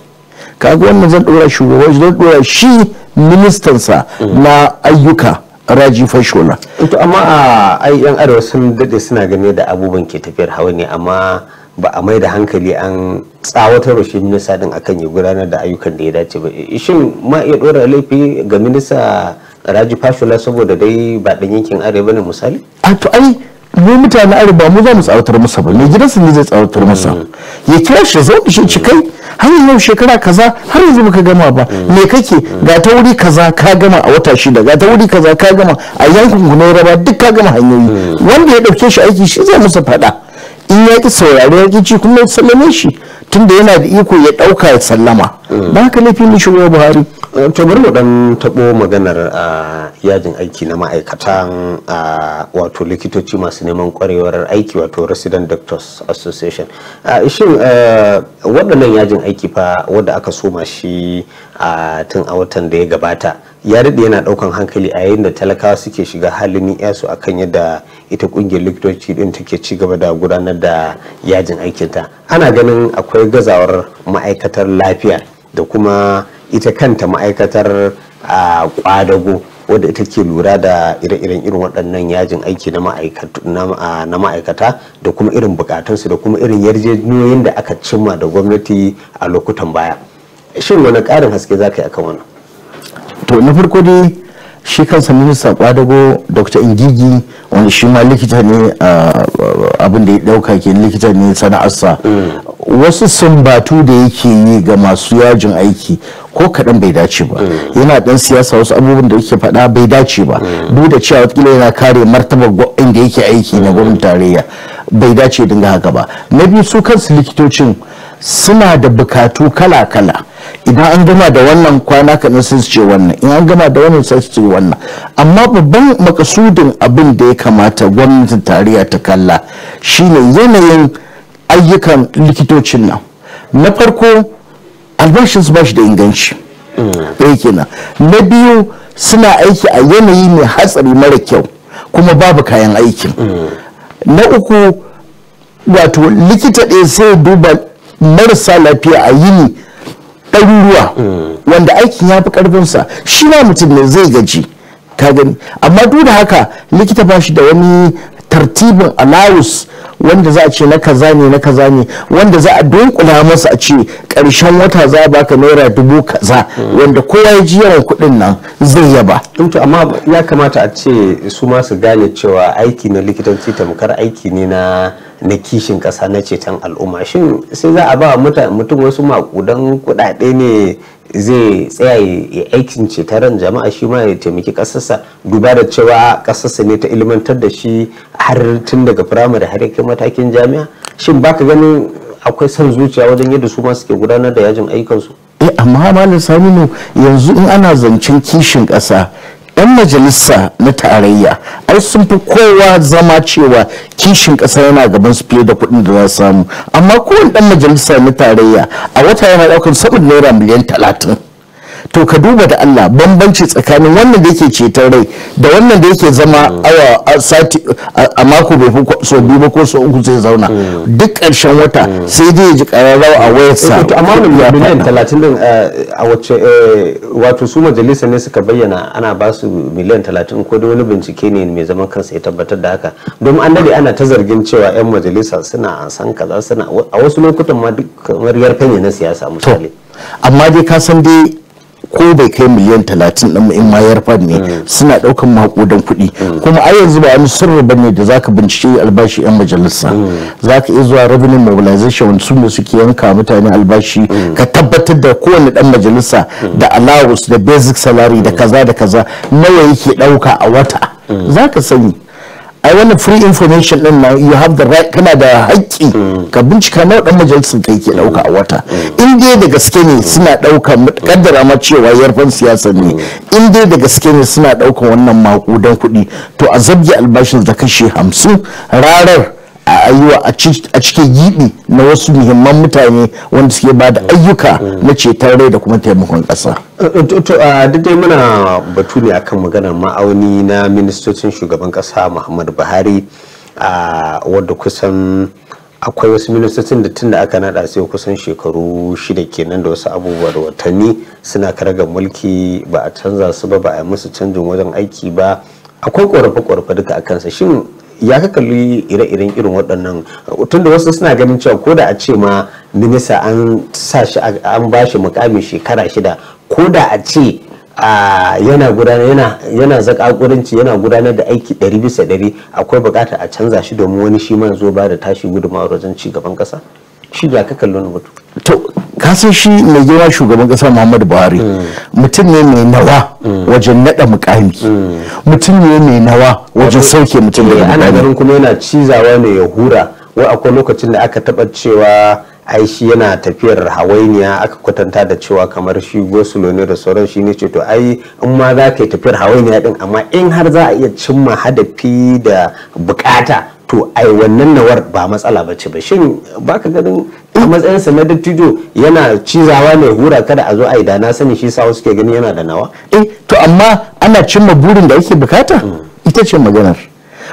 kaga wannan zan ɗora shugaban zan ɗora shi ministansa na ayyuka raji fashola to amma a ai yan arewa sun dade suna gane da abubuwan ke tafiyar hawa ne amma ba a mai da hankali an tsawatar shi minista din akan ya gudanar da ayyukan da ya dace ba eh, shin ma iya dora laifi ga minista raji fashola saboda dai ba dan yankin arewa ne misali ai mu mutane arewa mu za mu tsawatar masa ba ne gidansa ne zai tsawatar masa ya kira shi zo shi ci kai har yau shekara kaza har yanzu muka gama ba me kake ga ta wuri kaza ka gama a wata shida ga ta wuri kaza ka gama a yankin ku duk ka gama hanyoyi hmm. wanda ya dauke shi aiki shi zai masa fada in ya ki saurari ya ki ci kuma ya sallame shi tunda yana da iko ya ɗauka ya sallama ba ka laifi mu shigo buhari to bari mu dan tabo maganar ah, yajin aiki na ma'aikatan ah, wato likitoci masu neman kwarewar aiki wato resident doctors association ah, shin waɗannan yajin aiki fa wanda aka soma shi tun a watan da ya gabata ya yana daukan hankali a yayin da talakawa suke shiga halin yasu akan yadda ita kungiyar likitoci din take ci gaba da gudanar da yajin aikinta ana ganin akwai gazawar ma'aikatar lafiya da kuma ita kanta ma'aikatar a kwadago wadda ita ke lura da ire-iren irin waɗannan yajin aiki na ma'aikata da kuma irin bukatunsu da kuma irin yarjejeniyoyin da aka cimma da gwamnati a lokutan baya shin wani ƙarin haske za ka yi akan wannan to na farko dai shi kansa minista kwadago dr ingigi wani shi ma likita ne abin da ya dauka ke likita ne sana'arsa mm. wasu sumbatu da yake yi ga masu yajin aiki ko kaɗan bai dace ba mm. yana dan siyasa wasu abubuwan da yake faɗa bai dace ba mm. duk da cewa watakila yana kare martabar inda yake aiki na gwamnatin tarayya bai dace dinga haka ba na biyu su kansu likitocin suna da bukatu kala-kala idan an gama da wannan kwana kaɗan sai su ce wannan in an gama da wannan sai su ce wannan amma babban makasudin abin da ya kamata gwamnatin tarayya ta kalla shine yanayin ayyukan likitocin nan na farko albashinsu ba shi da inganci ɗaya kenan na biyu suna aiki a yanayi mai hatsari mara kyau kuma babu kayan aikin na uku wato likita ɗaya sai duba marasa lafiya a yini ɗaruruwa hmm. wanda aikin ya fi ƙarfinsa shi ma mutum ne zai gaji ka gani amma duk da haka likita ba shi da wani tartibin alawus wanda za a ce na kaza ne na kaza ne wanda za a dunkula masa a ce karshen wata za a baka naira dubu kaza wanda kowa ya ji yawan kuɗin nan zai yaba. to amma ya kamata a ce su masu gane cewa aiki na likitanci tamkar aiki ne na na kishin kasa na ceton al'umma shin sai za a ba mutum wasu makudan kuɗaɗe ne zai tsaya ya aikin cetaran jama'a shi ma ya taimaki kasarsa duba da cewa kasarsa ne ta ilmantar da shi har tun daga firamare har kai matakin jami'a shin baka ganin akwai son zuciya wajen yadda su ma suke gudanar da yajin ayyukansu eh amma malam saminu yanzu in ana zancen kishin ƙasa 'yan majalisa na tarayya ai sun fi kowa zama cewa kishin ƙasa yana gaban su fiye da kuɗin da za samu amma kowane ɗan majalisa na tarayya a wata yana ɗaukar saboda naira miliyan talatin to ka duba da Allah bambanci tsakanin wannan da yake ceton rai da wannan da yake zama awa sati a mako bai fuku so biyu ba ko so uku zai zauna hmm. duk ƙarshen wata hmm. sai dai ya ji ƙararrawa a wayarsa eh, to amma wannan bin talatin din eh, a wace eh, wato su majalisa ne suka bayyana ana ba su miliyan talatin ko da wani bincike ne mai zaman kansa ya tabbatar da haka don an dade ana ta zargin cewa 'yan majalisa suna san kaza suna a wasu lokutan ma duk kamar yarfanya na siyasa misali amma dai ka san dai ko bai kai miliyan talatin ɗin in ma yarfa ne hmm. suna ɗaukan makudan kuɗi hmm. kuma a yanzu ba wani sirri ba ne da zaka bincike albashi yan majalisa hmm. zaka iya zuwa revenue mobilization su ne suke yanka mutane albashi ka tabbatar da kowane ɗan majalisa da allowance da basic salary da kaza da kaza nawa yake ɗauka a wata zaka sani ai wannan free information din na you have the right kana da haƙƙi mm. ka bincika nawa ɗan majalisun kai ke dauka a wata mm. Mm. in dai da gaske ne suna dauka kaddara ma cewa yarban siyasa ne in dai da gaske ne suna dauka wannan makudan kuɗi to a zabge albashin da kashe hamsin rarar a a cikin yiɓi na wasu muhimman mutane wanda suke ba da ayyuka na ceton rai da kuma taimakon ƙasa. a dai muna batu ne akan maganar ma'auni na ministocin shugaban ƙasa muhammadu buhari wadda kusan akwai wasu ministocin da tun da aka nada sai kusan shekaru shida kenan da wasu abubuwa da watanni suna karagar mulki ba a canza su ba ba a musu canjin wajen aiki ba akwai ƙorafe-ƙorafe duka akansa kansa. shin ya ka kalli ire-iren irin waɗannan da wasu suna ganin cewa ko da a ce ma minista an sa shi an ba shi mukamin shekara shida ko da a ce yana gudanar yana yana yana gudanar da aiki ɗari bisa ɗari akwai buƙatar a canza shi domin wani shi ma zo ba da tashi gudunmawar wajen ci gaban ƙasa shi da ka kallon mutu to kasan shi mai girma shugaban kasa muhammadu buhari hmm. hmm. hmm. mutum ne mai nawa wajen nada mukami mutum ne mai nawa wajen sauke mutum da eh, ana garin kuma yana cizawa ne ya hura wai akwai lokacin da aka taba cewa ai shi yana tafiyar hawainiya aka kwatanta da cewa kamar shi gosulo ne da sauran shi ne ce to ai in ma za ka yi tafiyar hawainiya din amma in har za a iya cimma hadafi da bukata to ai wannan nawar ba matsala ba ce ba shin baka ganin a matsayinsa na dattijo yana cizawa ne hura kada a zo a da na sani shi sawa suke gani yana da nawa eh to amma ana cimma burin da ake bukata mm. ita ce maganar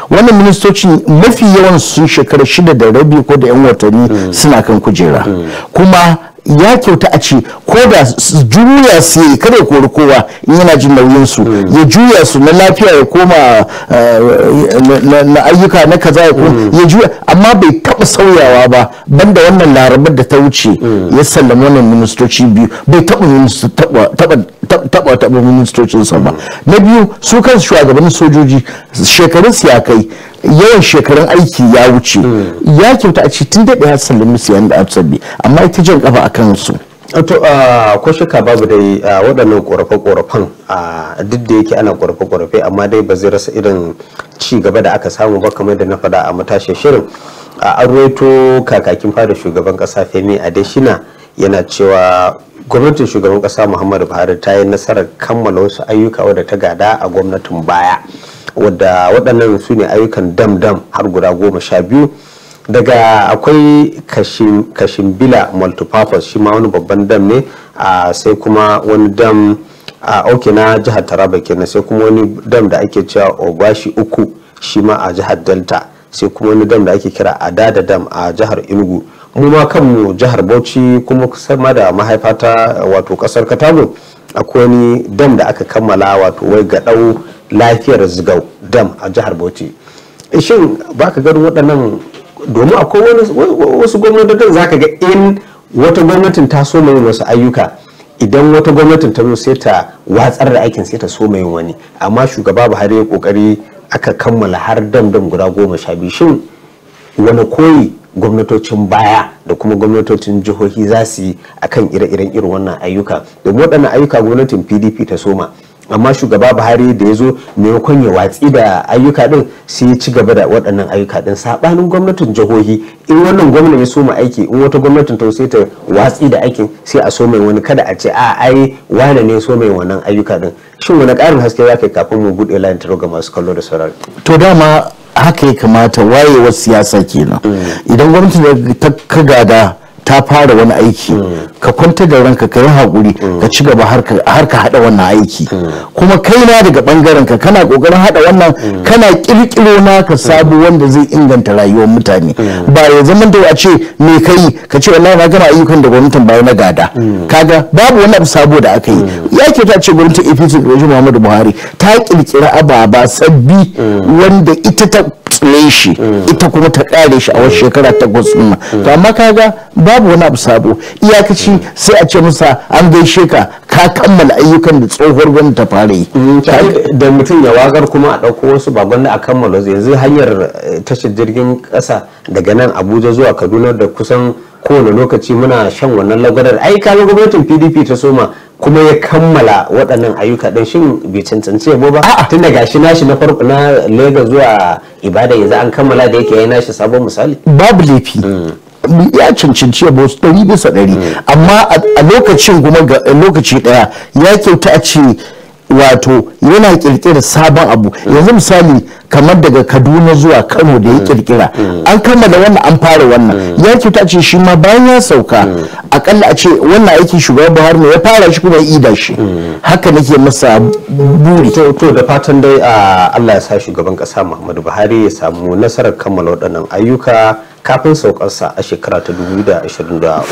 wannan ministoci mafi yawan sun shekara shida da rabi ko da yan watanni mm. suna kan kujera mm. kuma ya kyauta a ce ko da juya su ya kada kori kowa in yana jin nauyin su mm. ya juya su na lafiya ya koma eh, na ayyuka na kaza ya koma mm. ya juya amma bai taba sauyawa ba banda wannan larabar da ta wuce mm. ya sallama wannan ministoci biyu bai taba taba taba ministocin sa ba na biyu su kan shugabannin sojoji shekarun kai. yawan shekarun aiki ya wuce hmm. ya kyauta a ce tun daɗe ya sallami musu yadda da absabi amma ita jan kafa a kansu to ko shaka babu dai waɗannan ƙorafe-ƙorafen duk da yake ana ƙorafe-ƙorafe amma dai ba zai rasa irin ci gaba da aka samu ba kamar da na faɗa a matashin shirin a arwaito kakakin fada shugaban ƙasa femi adeshina yana cewa gwamnatin shugaban kasa muhammadu buhari ta yi nasarar kammala wasu ayyuka wadda ta gada a gwamnatin baya wadda waɗannan su ne ayyukan dam dam har guda goma sha biyu daga akwai kashin bila multipurpose shi ma wani babban dam ne sai kuma wani dam a auke na jihar taraba kenan sai kuma wani dam da ake cewa obashi uku shi ma a jihar delta sai kuma wani dam da ake kira adada dam a jihar inugu mu ma kanmu jihar bauchi kuma sama da mahaifata wato kasar katago akwai wani dam da aka kammala wato wai ga dau lafiyar zigau dam a jihar bauchi eh, shin ba ka gani waɗannan domin akwai wasu gwamnatin za ga in wata gwamnatin ta so mai wasu ayyuka idan wata gwamnatin ta zo sai ta watsar da aikin sai ta so mai wani amma shugaba buhari ya kokari aka kammala har dam dam guda goma sha biyu shin wani koyi gwamnatocin baya da kuma gwamnatocin jihohi za su yi a kan ire-iren irin wannan ayyuka domin waɗannan ayyuka gwamnatin pdp ta soma amma shugaba buhari da ya zo maimakon ya watsi da ayyuka din sai ya ci gaba da waɗannan ayyuka din saɓanin gwamnatin jihohi in wannan gwamna ya so soma aiki in wata gwamnatin ta sai ta watsi da aikin sai a so mai wani kada a ce a ai wane ne so mai wannan ayyuka din shin wani ƙarin haske za ka kafin mu buɗe layin taro ga masu kallo da saurari. to dama haka ya kamata wayewar siyasa kenan mm. idan gwamnati ta kagada ta fara wani aiki hmm. ka kwanta da ranka ka yi haƙuri hmm. ka ci gaba har ka haɗa wannan aiki hmm. kuma kai na daga ɓangaren ka kana ƙoƙarin haɗa wannan kana ƙirƙiro naka sabu wanda zai inganta rayuwar mutane ba ya zama da a ce me kai ka ce wallahi na gama ayyukan da gwamnatin bayan na gada kaga babu wani abu sabo da aka yi ya ke ta ce gwamnatin APC da Muhammadu Buhari ta ƙirƙira ababa sabbi wanda ita ta tsatsaye shi ita kuma ta kare shi a wasu shekara ta ɗin to amma kaga babu wani abu sabo iyakaci sai a ce musa an gaishe ka ka kammala ayyukan da tsohuwar gwamnati ta fara yi mm, da mutum ya wagar kuma a ɗauko wasu ba gwamnati a kammala yanzu hanyar eh, tashar jirgin ƙasa daga nan abuja zuwa kaduna da kusan kowane lokaci muna shan wannan lagwadar ai kaga gwamnatin pdp ta soma kuma ya kammala waɗannan ayyuka ɗin shin bai cancanci yabo ba tun daga shi nashi na farko na Lagos zuwa ibada yanzu an kammala da yake yi nashi sabon misali babu laifi hmm. ya cancanci yabo ɗari bisa ɗari hmm. amma a lokacin kuma ga lokaci ɗaya ya kyauta a ce wato yana kirkira sabon abu yanzu misali kamar daga kaduna zuwa kano da ya mm. kirkira mm. an kammala wannan an fara wannan mm. ya ta ce shi ma bayan ya sauka akalla a ce wannan aiki shugaban buhari ne ya fara shi kuma ya ida shi haka nake masa buri to da fatan dai allah ya sa shugaban kasa muhammadu buhari ya samu nasarar kammala waɗannan ayyuka kafin saukarsa a shekara ta 2023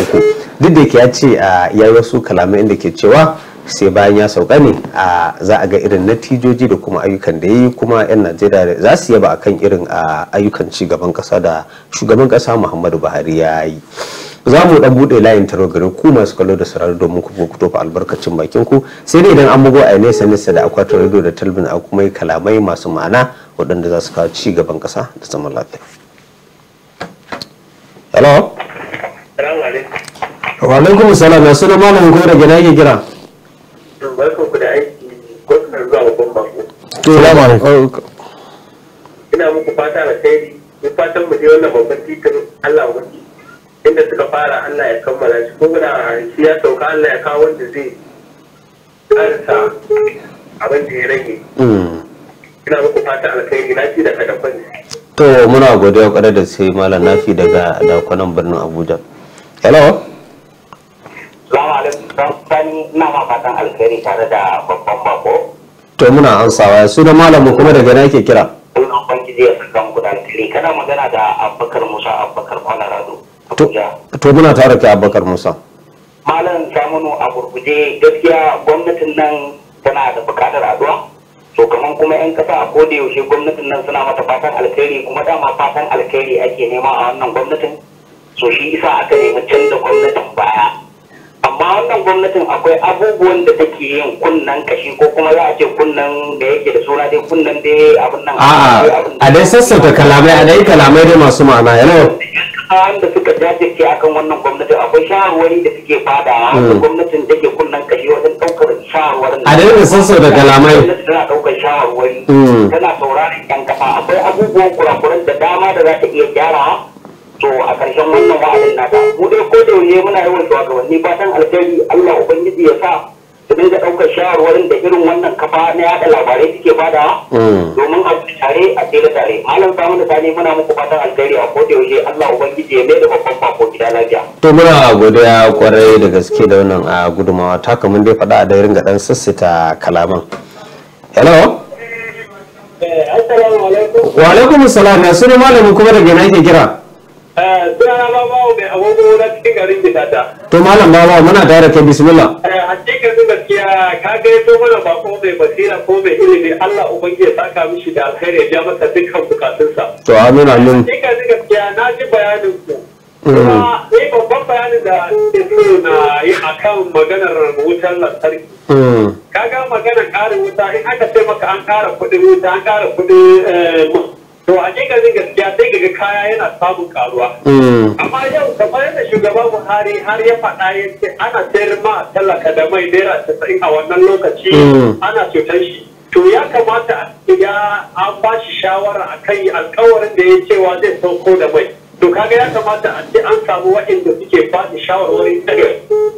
duk da yake ya ce ya yi wasu kalamai inda ke cewa sai bayan ya sauka ne a za a ga irin natijoji da kuma ayyukan da yi kuma 'yan najeriya za su yaba akan irin ayyukan ci gaban kasa da shugaban kasa muhammadu buhari ya yi za mu dan bude layin taro garin ku masu kallo da sarari domin ku fito fa albarkacin bakin ku sai dai idan an bugo a nesa nesa da akwatin radio da talbin a kuma yi kalamai masu ma'ana waɗanda za su kawo ci gaban kasa da zaman lafiya hello wa alaikum salam ya suna malam da gida yake kira barkanku da aiki eh, Ina muku fata da kai mu fatan mu je wannan babban titin Allah wani inda suka fara Allah ya kammala shi ko da shi ya sauka Allah ya kawo wanda zai ƙarsa abin da ya rage. Hmm. Ina muku fata alkhairi na ci daga dakon. To muna godiya kwarai da sai malam na nafi daga dakonan birnin Abuja. Hello? dan sani na ma fatan tare da babban bako to muna ansawa da malamin kuma daga na yake kira Allah ubangiji ya saka mu da alkhairi kana magana da Abubakar Musa Abubakar Kwalarado to muna tare ke Abubakar Musa malam samunu a gurguje gaskiya gwamnatin nan tana da bukatar addu'a to kaman kuma yan kasa a koda yaushe gwamnatin nan suna mata fatan alkhairi kuma dama fatan alkhairi ake nema a wannan gwamnatin so shi isa aka nemi canza gwamnatin baya amma wannan gwamnatin akwai abubuwan da take yin kunnan kashi ko kuma za a ce kunnan da yake da suna dai kunnan dai abin nan a'a a dai sassauta kalamai a dai kalamai dai masu ma'ana yana an da suka jajirce akan wannan gwamnati akwai shawarwari da suke fada hmm. gwamnatin da ke kunnan kashi wajen daukar shawarwarin a dai sassauta kalamai tana daukar shawarwari hmm. tana sauraron yan kafa akwai abubuwan kurakuran da dama da za ta iya gyara to a ƙarshen wannan wa'adin nata mu dai ko da yaushe muna yawan shugabanni fatan alkhairi Allah ubangiji ya sa su dinga ɗaukar shawarwarin da irin wannan kafa na yaɗa labarai suke bada mm. domin a tare a tsere tare malam samu da sani muna muku fatan alkhairi a ko da yaushe Allah ubangiji ya mai da babban bako gida lafiya to muna godiya kwarai da gaske da wannan a ah, gudumawa ta kamar dai faɗa a da ga dan sassita kalaman hello eh, wa alaikum salam ya suna malamin kuma daga ina ke kira Eh, to malam bawa muna tare A bismillah. Hakikatin gaskiya ka ga to mana ba ko mai basira ko mai ilimi Allah ubangi ya saka mishi da alkhairi ya ja masa dukkan bukatunsa. To amin amin. Hakikatin gaskiya na ji bayanin ku. Kuma mm. ni babban bayanin da ke so na yi akan maganar wutar lantarki. Mm. Ka ga maganar ƙarin wuta in aka ce maka an ƙara kuɗin wuta an ƙara kuɗin eh, to a ƙiƙarin gaskiya sai ga kaya yana samun karuwa mm. amma yau kamar yadda shugaba buhari har ya faɗa ya ce ana sayar ma talaka da mai naira casa'in a wannan lokaci mm. ana cutar shi to ya kamata ya an ba shi shawara a kan alkawarin da ya cewa zai sauko da mai to kaga ya kamata a ce an samu waɗanda suke ba da shawarwari daga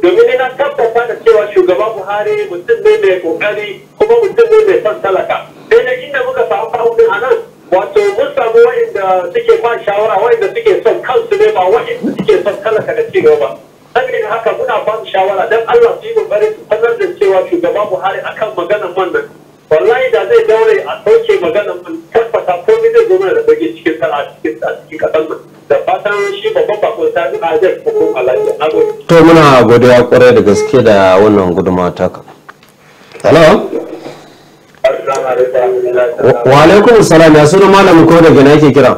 domin ina tabbata da cewa shugaba buhari mutum ne mai kokari kuma mutum ne mai son talaka sai da inda muka samu fa'udin a nan wato mun samu wa'inda suke ba shawara wa'inda suke son kansu ne ba wa'inda suke son kala da cigaba ba saboda haka muna ba su shawara don Allah su yi kokari su sanar da cewa shugaba Buhari akan maganan man nan wallahi da zai daure a sauke maganan man tabbata komai zai zo mana da bage cikin sana'a cikin cikin kasan nan da fatan shi babban bakon ta zuba zai kuma alaji na to muna godiya kwarai da gaske da wannan gudunmawa taka hello wa alaikum salam ya suna malamin ko daga na yake kira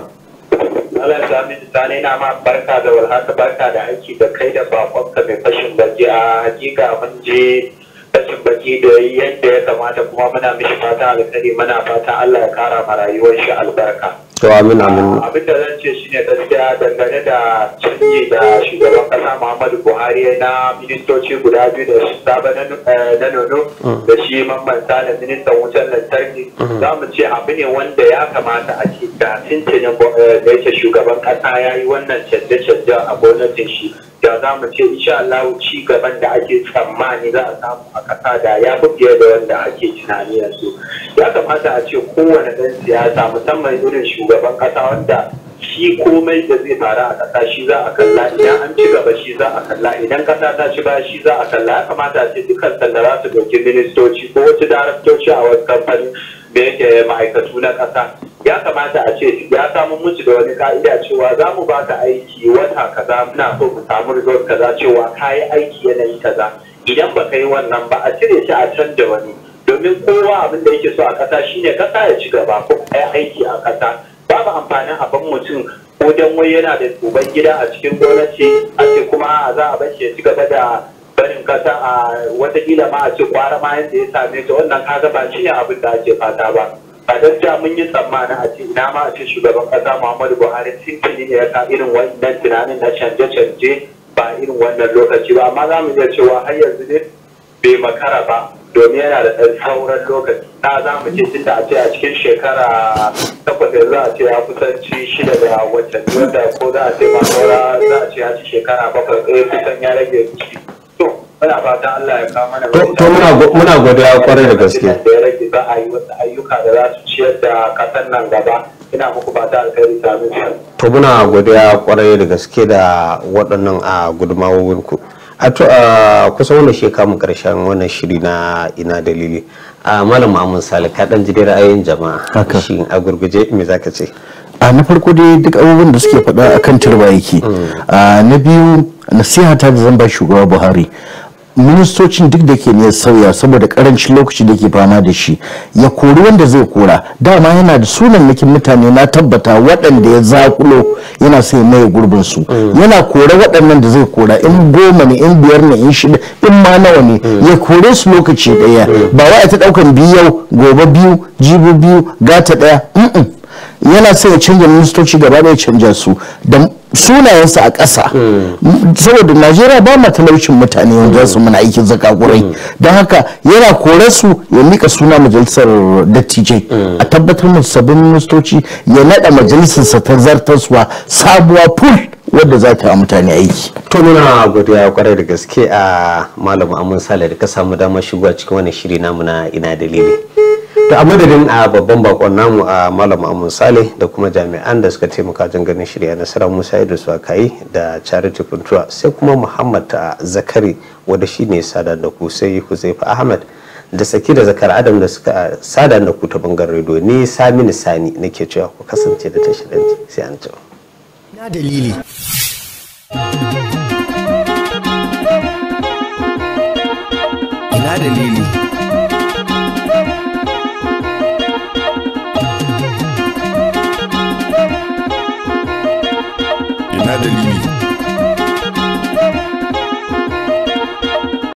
Allah ya sami tsane na ma barka da walhaka barka da aiki da kai da bakonka mai fashin baki a hakika mun je fashin baki da yadda ya kamata kuma muna mishi fata alkhairi muna fata Allah ya kara ma rayuwar shi albarka to amin amin abin da zan ce shine gaskiya dangane da canji da shugaban kasa Muhammadu Buhari na ministoci guda biyu da saba na eh, nono mm. da shi mamman da ministan wutar lantarki mm-hmm. za mu ce abu ne wanda ya kamata a ce da tuntunin eh, da yake shugaban kasa ya yi wannan canje-canje a gwamnatin shi da za mu ce insha Allah ci gaban da ake tsammani za a samu a kasa da ya fi da wanda ake tunani yanzu ya kamata a ce kowane ɗan siyasa musamman irin shugaban shugaban kasa wanda shi komai da zai faru a kasa shi za a kalla idan an ci gaba shi za a kalla idan kasa ta ci baya shi za a kalla ya kamata a ce dukkan sanda za su dauki ministoci ko wasu daraktoci a wasu kamfanin da yake ma'aikatu na kasa ya kamata a ce ya samu mutu da wani ka'ida cewa za mu ba ka aiki wata kaza muna so mu samu result kaza cewa ka yi aiki yanayi kaza idan ba ka yi wannan ba a cire shi a canza wani domin kowa abin da yake so a ƙasa shine kasa ya ci gaba ko a aiki a kasa. babu amfanin a ban mutum ko dan wai yana da uban gida a cikin gwamnati a ce kuma za a bashi ya ci gaba da barin kasa a wata kila ma a ce kwara ma yadda ya same ta wannan kaga ba shi ne abin da ake fata ba a ja mun yi tsammanin a ce ina ma a ce shugaban kasa muhammadu buhari ce ne ya sa irin wannan tunanin na canje-canje ba irin wannan lokaci ba amma za mu iya cewa har yanzu ne bai makara ba domin yana da ɗan sauran lokaci na za mu ce tunda a ce a cikin shekara takwas yanzu a ce ya kusanci shida da wacce wanda ko za a ce ma saura za a ce ya ci shekara bakwai ɗaya eh, kusan ya rage ciki to muna fata Allah ya kama mana to muna godiya kwarai da gaske da ya rage za a yi wasu ayyuka da za su ciyar da ƙasar nan gaba ina muku fata alkhairi ta to muna godiya kwarai da gaske da waɗannan a ah, gudunmawowinku. ku hatu a ah, kusa wannan shi mu karshen wannan shiri na ina dalili a ah, malam mamun sale ka dan ji ra'ayin jama'a shi a gurguje me zaka ce a ah, na farko dai duk abubuwan da suke faɗa akan turba yake mm. na biyu nasiha ta da zan ba shugaba buhari ministocin duk da ke ne sauya saboda karancin lokaci da ke fama da shi ya kori wanda zai kora dama yana da sunan sunannakin mutane na tabbata waɗanda ya zakulo yana so ya maye gurbin su mm. yana kora waɗannan da zai kora in goma ne in biyar ne in shida in ma nawa ne mm. ya kore su lokaci ɗaya mm. ba wa ta ɗaukan biyu gobe biyu jibi biyu gata ɗaya yana so ya canja ministoci gaba ɗaya canja su don sunayensa a ƙasa saboda najeriya ba ma talaucin mutane yanzu su muna aikin zaka kurai don haka yana kore su ya mika suna majalisar dattijai a tabbatar musu sabbin ministoci ya naɗa majalisarsa ta zartaswa sabuwa pul wadda za ta mutane aiki. To muna godiya kwarai da gaske a malam amin Sale da ka samu damar shigowa cikin wani shiri namu na ina dalili. To a madadin a babban bakon namu a malam amin Sale da kuma jami'an da suka taimaka jan ganin shirya nasara Musa aka yi da charity kuntura sai kuma muhammad ta ah, zakari wanda shine sada da ku sai huzaifa ahmad da saki da zakar adam da suka ah, sada da ku ta bangaren rediyo ni saminu sani nake cewa ku kasance da tashiranci sai an jima na dalili ina dalili Adélie.